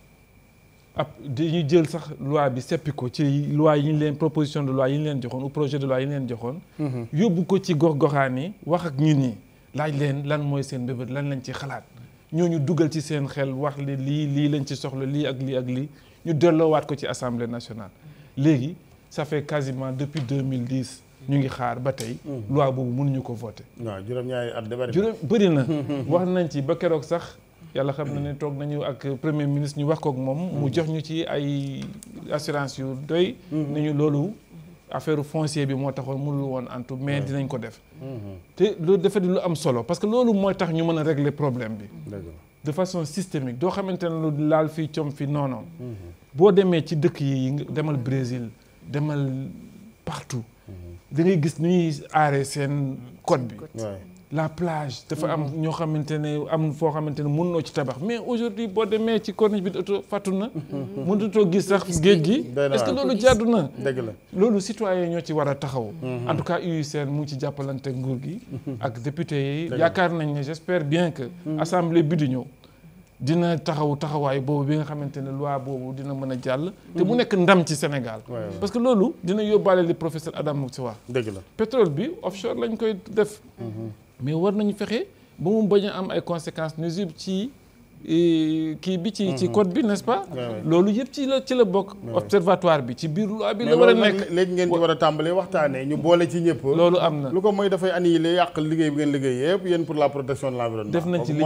ab dañuy jël sax loi bi seppi ko ci loi yi ñu leen proposition de loi yi leen joxoon ou projet de loi yi ñu leen joxoon. Mhm. yóbbu ko ci gox-goxaan yi wax ak ñun ñi laaj leen lan mooy seen bébét lan lañ ci xalaat ñoo ñu dugal ci seen xel wax li lii lii lañ ci soxla lii ak lii ak lii ñu delloowaat ko ci assemblée nationale. léegi ça fait quasiment depuis 2010. ñu ngi xaar ba tey. Mm-hmm. loi boobu munuñu ko voté. waaw juróom-ñaari at bëri. na. Mm-hmm. wax nañ ci ba keroog sax. yàlla xam na ne toog nañu ak premier ministre ñu wax kook moom. mu mm-hmm. jox ñu ci ay assurance yu doy. nañu loolu affaire foncier bi moo taxoon mënul woon antu mais dinañ ko def. te loolu dafa di lu am solo parce que loolu mooy tax ñu mën a régler problème bi. de façon systémique doo xamante ne lu laal fii coom fii non boo demee ci dëkk yi demal Brésil demal partout. da gis nu ñuy aaree seen côte bi. la plage dafa am mm-hmm. ñoo xamante ne am foo xamante ne mun mënuloo ci tabax mais aujourd'hui boo demee ci corniche bi oto fàttu na. Mm-hmm. mënutoo gis sax géej gi. est-ce que loolu jàddu na. dëgg la loolu citoyen ñoo ci war a taxaw. Mm-hmm. en tout cas UICN mu ci jàppalante nguur gi. ak député yi yaakaar nañ ne j'espère bien que. assemblée bi di ñëw. dina taxaw taxawaay boobu bi nga xamante ne loi boobu dina mën a jàll. te mu mm-hmm. nekk ndam ci Sénégal. parce que loolu dina yóbbaale li professeur Adam si waa dëgg la pétrole bi offshore lañ koy def. Mm-hmm. mais war nañu fexe ba mu bañ a am ay conséquences nuisibles ci. kii bi ci ci mhm. code bi n'est-ce loolu yëpp ci la ci la bokk observatoire bi ci biir loi bi la war a nekk léegi ngeen ci war a tàmbalee waxtaanee ñu boole ci ñëpp loolu am na lu ko mooy dafay annihilé yàq liggéey bi ngeen liggéey yëpp yéen pour la protection de def nañ ci li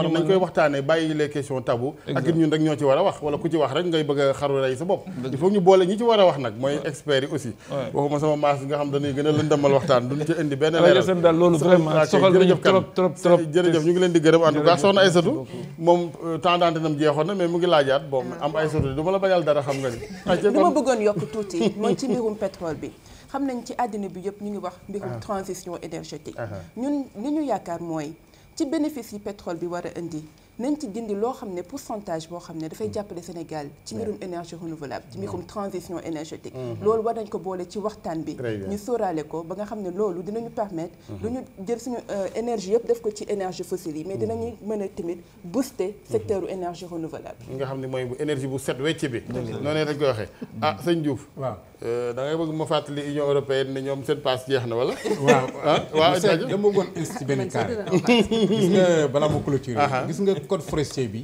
ñu ngi leen di gërëm en tout soxna Aïssatou moom euh, temps d'antenne am jeexoon na mais mu ngi laajaat bon ah. am ay surtout du ma la bañal dara xam nga ni. ayca li ma bëggoon yokk tuuti mooy ci mbirum pétrole bi xam nañ ci àddina bi yëpp ñu ngi wax. mbirum ah. transition énergétique. Ah. ñun li ñu yaakaar mooy ci bénéfice yi pétrole bi war a indi. nañ ci dindi loo xam ne pour pourcentage boo xam ne dafay mm. jàppale Sénégal ci mbirum énergie renouvelable ci mbirum mm. transition énergétique mm-hmm. loolu war nañ ko boole ci waxtaan bi ñu sóoraale ko ba nga xam ne loolu dinañu permettre du mm-hmm. ñu jël suñu euh, énergie yëpp def ko ci énergie fossile yi mais mm-hmm. dinañu mën a tamit booster secteur énergie renouvelable nga xam ne mooy bu énergie bu set wecc bi noonu lañ koy waxee ah sëñ Diouf waaw Euh, da ngay bëgg ma fàttali union européenne ne ñoom seen paas jeex na wala. waaw ah waaw jaajëf dama bëggoon insisté benn carré. gis nga balaa ma clôture. gis nga code forestier bi.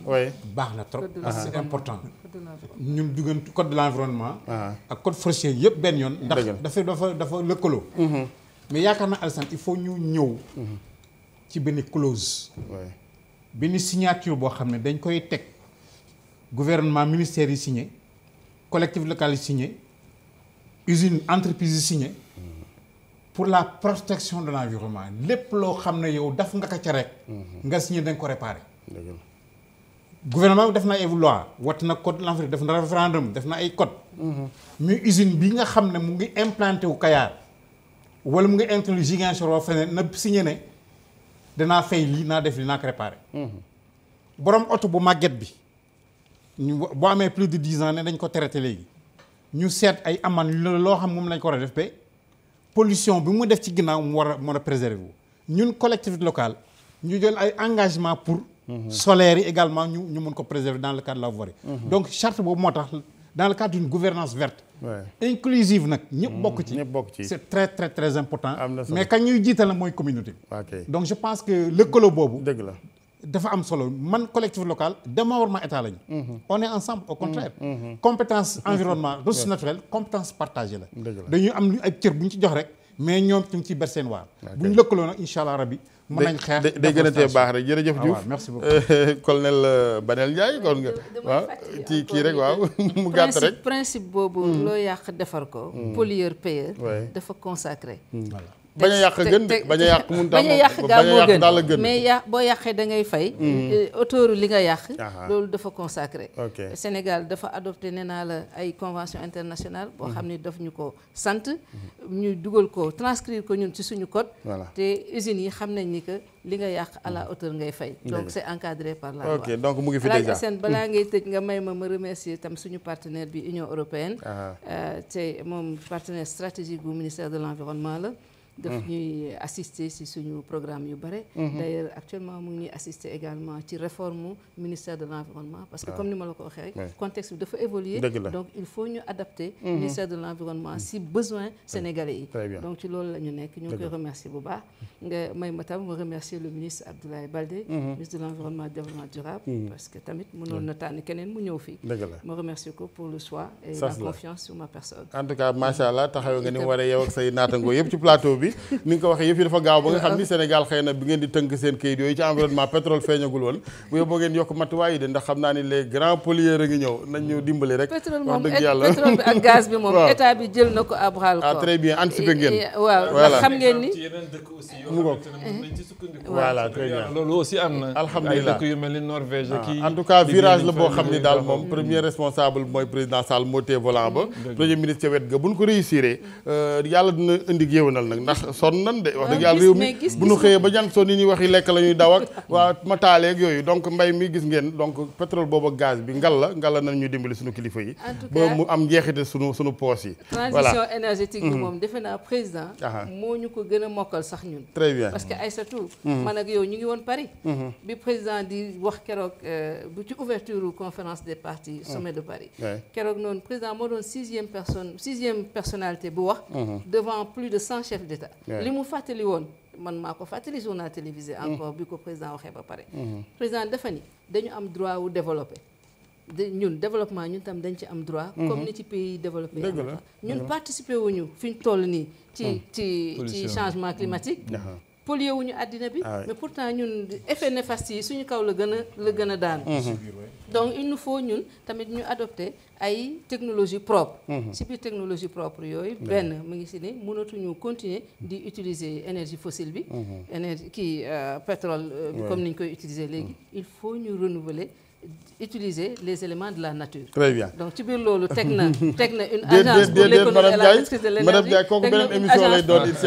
baax na trop. parce que c'est important. ñun diggante code de l'environnement. ak code forestier yëpp benn yoon. ndax dafa dafa dafa lëkkaloo. Mhm. mais yaakaar na Alassane il faut ñu ñëw. Mhm. ci benn clause. benn signature boo xam ne dañ koy teg gouvernement ministère yi signé collectif local yi signé. usine entreprise yi pour la protection de l' environnement lépp loo xam ne yow daf nga ko ca rek. nga signé dañ ko réparer gouvernement bi def na ay loi wat na code l' Afrique def na référendum def na ay code. mais usine bi nga xam ne mu ngi implanté wu Kayar wala mu ngi implanté Ziguinchor wala feneen na signé ne danaa fay lii naa def lii naa ko réparé. borom oto bu màgget bi ñu boo amee plus de dix ans ne dañ ko traité léegi. ñu seet ay aman loo xam moom lañ ko war a def ba pollution bi mu def ci ginnaaw mu war a mën a préserver wu ñun collectivité locale ñu jël ay engagement pour solaire yi également ñu ñu mën ko préserver dans le cadre de la voirie mhm. donc charte boobu moo tax dans le cadre d'une gouvernance verte inclusive nag ñëpp mhm. bokk ci ñëpp ci c'est très très très important mais kañ ñuy jiital nag mooy communauté donc je pense que lëkkaloo boobu dëgg la dafa am solo man collectif local dama war ma état lañu. Mhm. on est ensemble au contraire. Mhm, mhm. compétence environnement ressources naturelles compétence partagée la. dañuy am lu ay cër bu ñu ci jox rek mais ñoom tam ci ber seen waar. bu ñu lëkkaloo nag incha allah rabi. nañ xeex day day gën a tee baax rek jërëjëf ah Diouf merci beaucoup colonel euh, Banel Ndiaye kon nga waaw ci kii rek waaw mu gàtt rek. principe boobu mm. loo yàq defar ko. Mm. pollueur payeur. dafa consacré. Mm. voilà. bañ a yàq gën de bañ a yàq a yàq gaa moo gën mais yàq boo yàqee da ngay fay mm-hmm. eh, autour li nga yàq loolu dafa consacré Sénégal dafa adopté ne naa la ay convention internationale boo xam mm-hmm. ne daf ñu ko sant ñu dugal ko transcrire ko ñun ci suñu code te usines yi xam nañ ni que li nga yàq à la mm-hmm. ngay fay donc c'est encadré par la loi donc mu ngi fi déjà seen balaa ngay tëj nga may ma ma remercier tam suñu partenaire bi Union européenne euh, te moom partenaire stratégique bu ministère de l'environnement la daf mm. ñuy assister si suñu programme yu bare. Mm-hmm. d'ailleurs actuellement mu ngi ñuy assister également ci réforme ministère de l'environnement. parce que ah. comme ni ma la ko waxee rek. contexte bi dafa évoluer donc il faut ñu adapter. Mm-hmm. ministère de l'environnement si besoin sénégalais yi. donc ci loolu la ñu nekk ñu ngi koy remercier bu baax. nga may ma tam ma remercier le ministre Abdoulaye Baldé. Mm-hmm. ministre de l'environnement et développement durable. parce que tamit bi ni nga ko waxee yëf yi dafa gaaw ba nga xam ni Sénégal xëy na bi ngeen di tënk seen kayit yooyu ci environnement pétrole feeñagul woon bu yóbboo ngeen yokk matuwaay yi de ndax xam naa ni les grands pollueurs a ngi ñëw nañ ñu dimbali rek wax dëgg yàlla pétrole bi ak gaz bi moom état bi jël na ko à bras le ah très bien anticiper waaw voilà xam ngeen ni yeneen ah, en tout cas virage la boo xam ni daal moom premier responsable mooy président Sall moo volant ba premier ministre ca sonn nan de wax dëgg ah, yàlla réew mi bu ñu xëyee ba jant soo ni ñuy waxi lekk la ñuy daw ak waa ma taaleeg yooyu donc mbay mi gis ngeen donc pétrole boobu ak bi ngal la ngal la nan ñu dimbali suñu kilifa yi ba mu am njeexite suñu suñu poos yi transition énergétique bi mhm. moom defe naa président ah, ah. moo ñu ko gën a mokkal sax ñun très parce que mhm. Aïssatou mhm. man ak yow ñu ngi woon Paris bi président di wax keroog euh, bu ci ouverture conférence des partis sommet de Paris keroog noonu président moo doon sixième personnalité bu wax devant plus de cent chefs d'État état li mu fàttali woon man maa ko fàttali journal télévisé mm. encore bi ko président waxee ba pare mm-hmm. président dafa ni dañu am droit wu développé ñun développement ñun tam dañ ci am droit mm-hmm. comme ni ci pays développé ñun participer wuñu fi ñu toll nii ci mm. ci changement climatique mm. pollué wuñu àddina bi ah mais pourtant ñun effet néfaste yi suñu kaw la gën a la gën a daanu mhm. donc il nous faut ñun tamit ñu adopter ay technologie propre mhm. si biir technologie propre yooyu benn mu ngi si ne mënatuñu continuer di utiliser énergie fossile bi mhm. énergie kii euh, pétrole euh, bi comme niñ koy utiliser léegi il faut ñu renouveler utiliser les éléments de la nature. très bien donc ci biir loolu teg na teg na une agence pour l'économie et la maîtrise de l'énergie madame Ndiaye kooku beneen émission lay si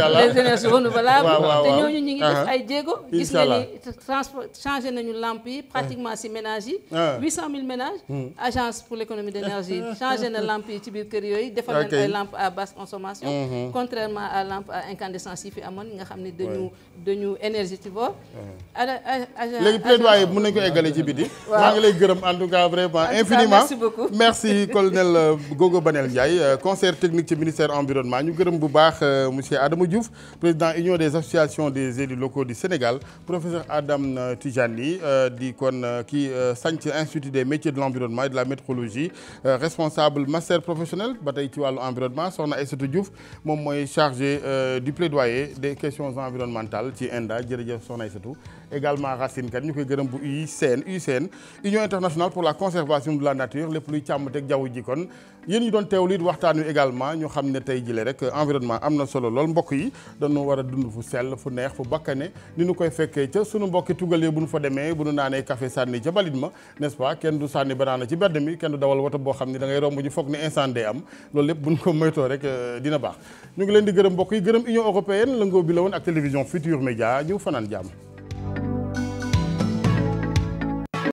uh-huh. uh-huh. ménages yi uh-huh. huit cent mille ménages hmm. agence pour l'économie d'énergie changé na lampe yi ci biir kër yooyu defal nañu ay lampe à basse consommation contrairement à lampe à incandescence yi fi amoon nga xam ne dañu dañu énergétivore léegi plaidoyer mën nañu ko eggale ci biti lay gërëm en tout vraiment infiniment merci beaucoup merci colonel euh, Gogo Banel Ndiaye euh, conseiller technique ci ministère environnement ñu gërëm bu baax euh, monsieur Adama Diouf président union des associations des élus locaux du Sénégal professeur Adam Tijani di kon kii sanc institut des métiers de l'environnement et de la métrologie responsable master professionnel ba tey ci wàllu environnement soxna Aïssatou Diouf moom mooy chargé du plaidoyer des questions environnementales ci INDA jërëjëf soxna Aïssatou également Racine Kane ñu koy gërëm bu UICN UICN Union internationale pour la conservation de la nature lépp luy càmm teg jaww ji kon yéen ñu doon teewlu it waxtaan wi également ñu xam ne tey jile rek environnement am na solo lool mbokk yi dañu war a dund fu sell fu neex fu bakkane ni nu koy fekkee ca sunu mbokki tugalee bu nu fa demee bu ñu naanee café sànni ca balit ma n'est-ce pas kenn du sànni banaana ci bedd mi kenn du dawal woto boo xam ne da ngay romb ñu foog lépp buñ ko moytoo rek euh, dina baax ngi leen di gërëm mbokk yi gërëm Union européenne lëngoo bi la woon ak télévision Futur Média ñu fanaan jàmm Thank you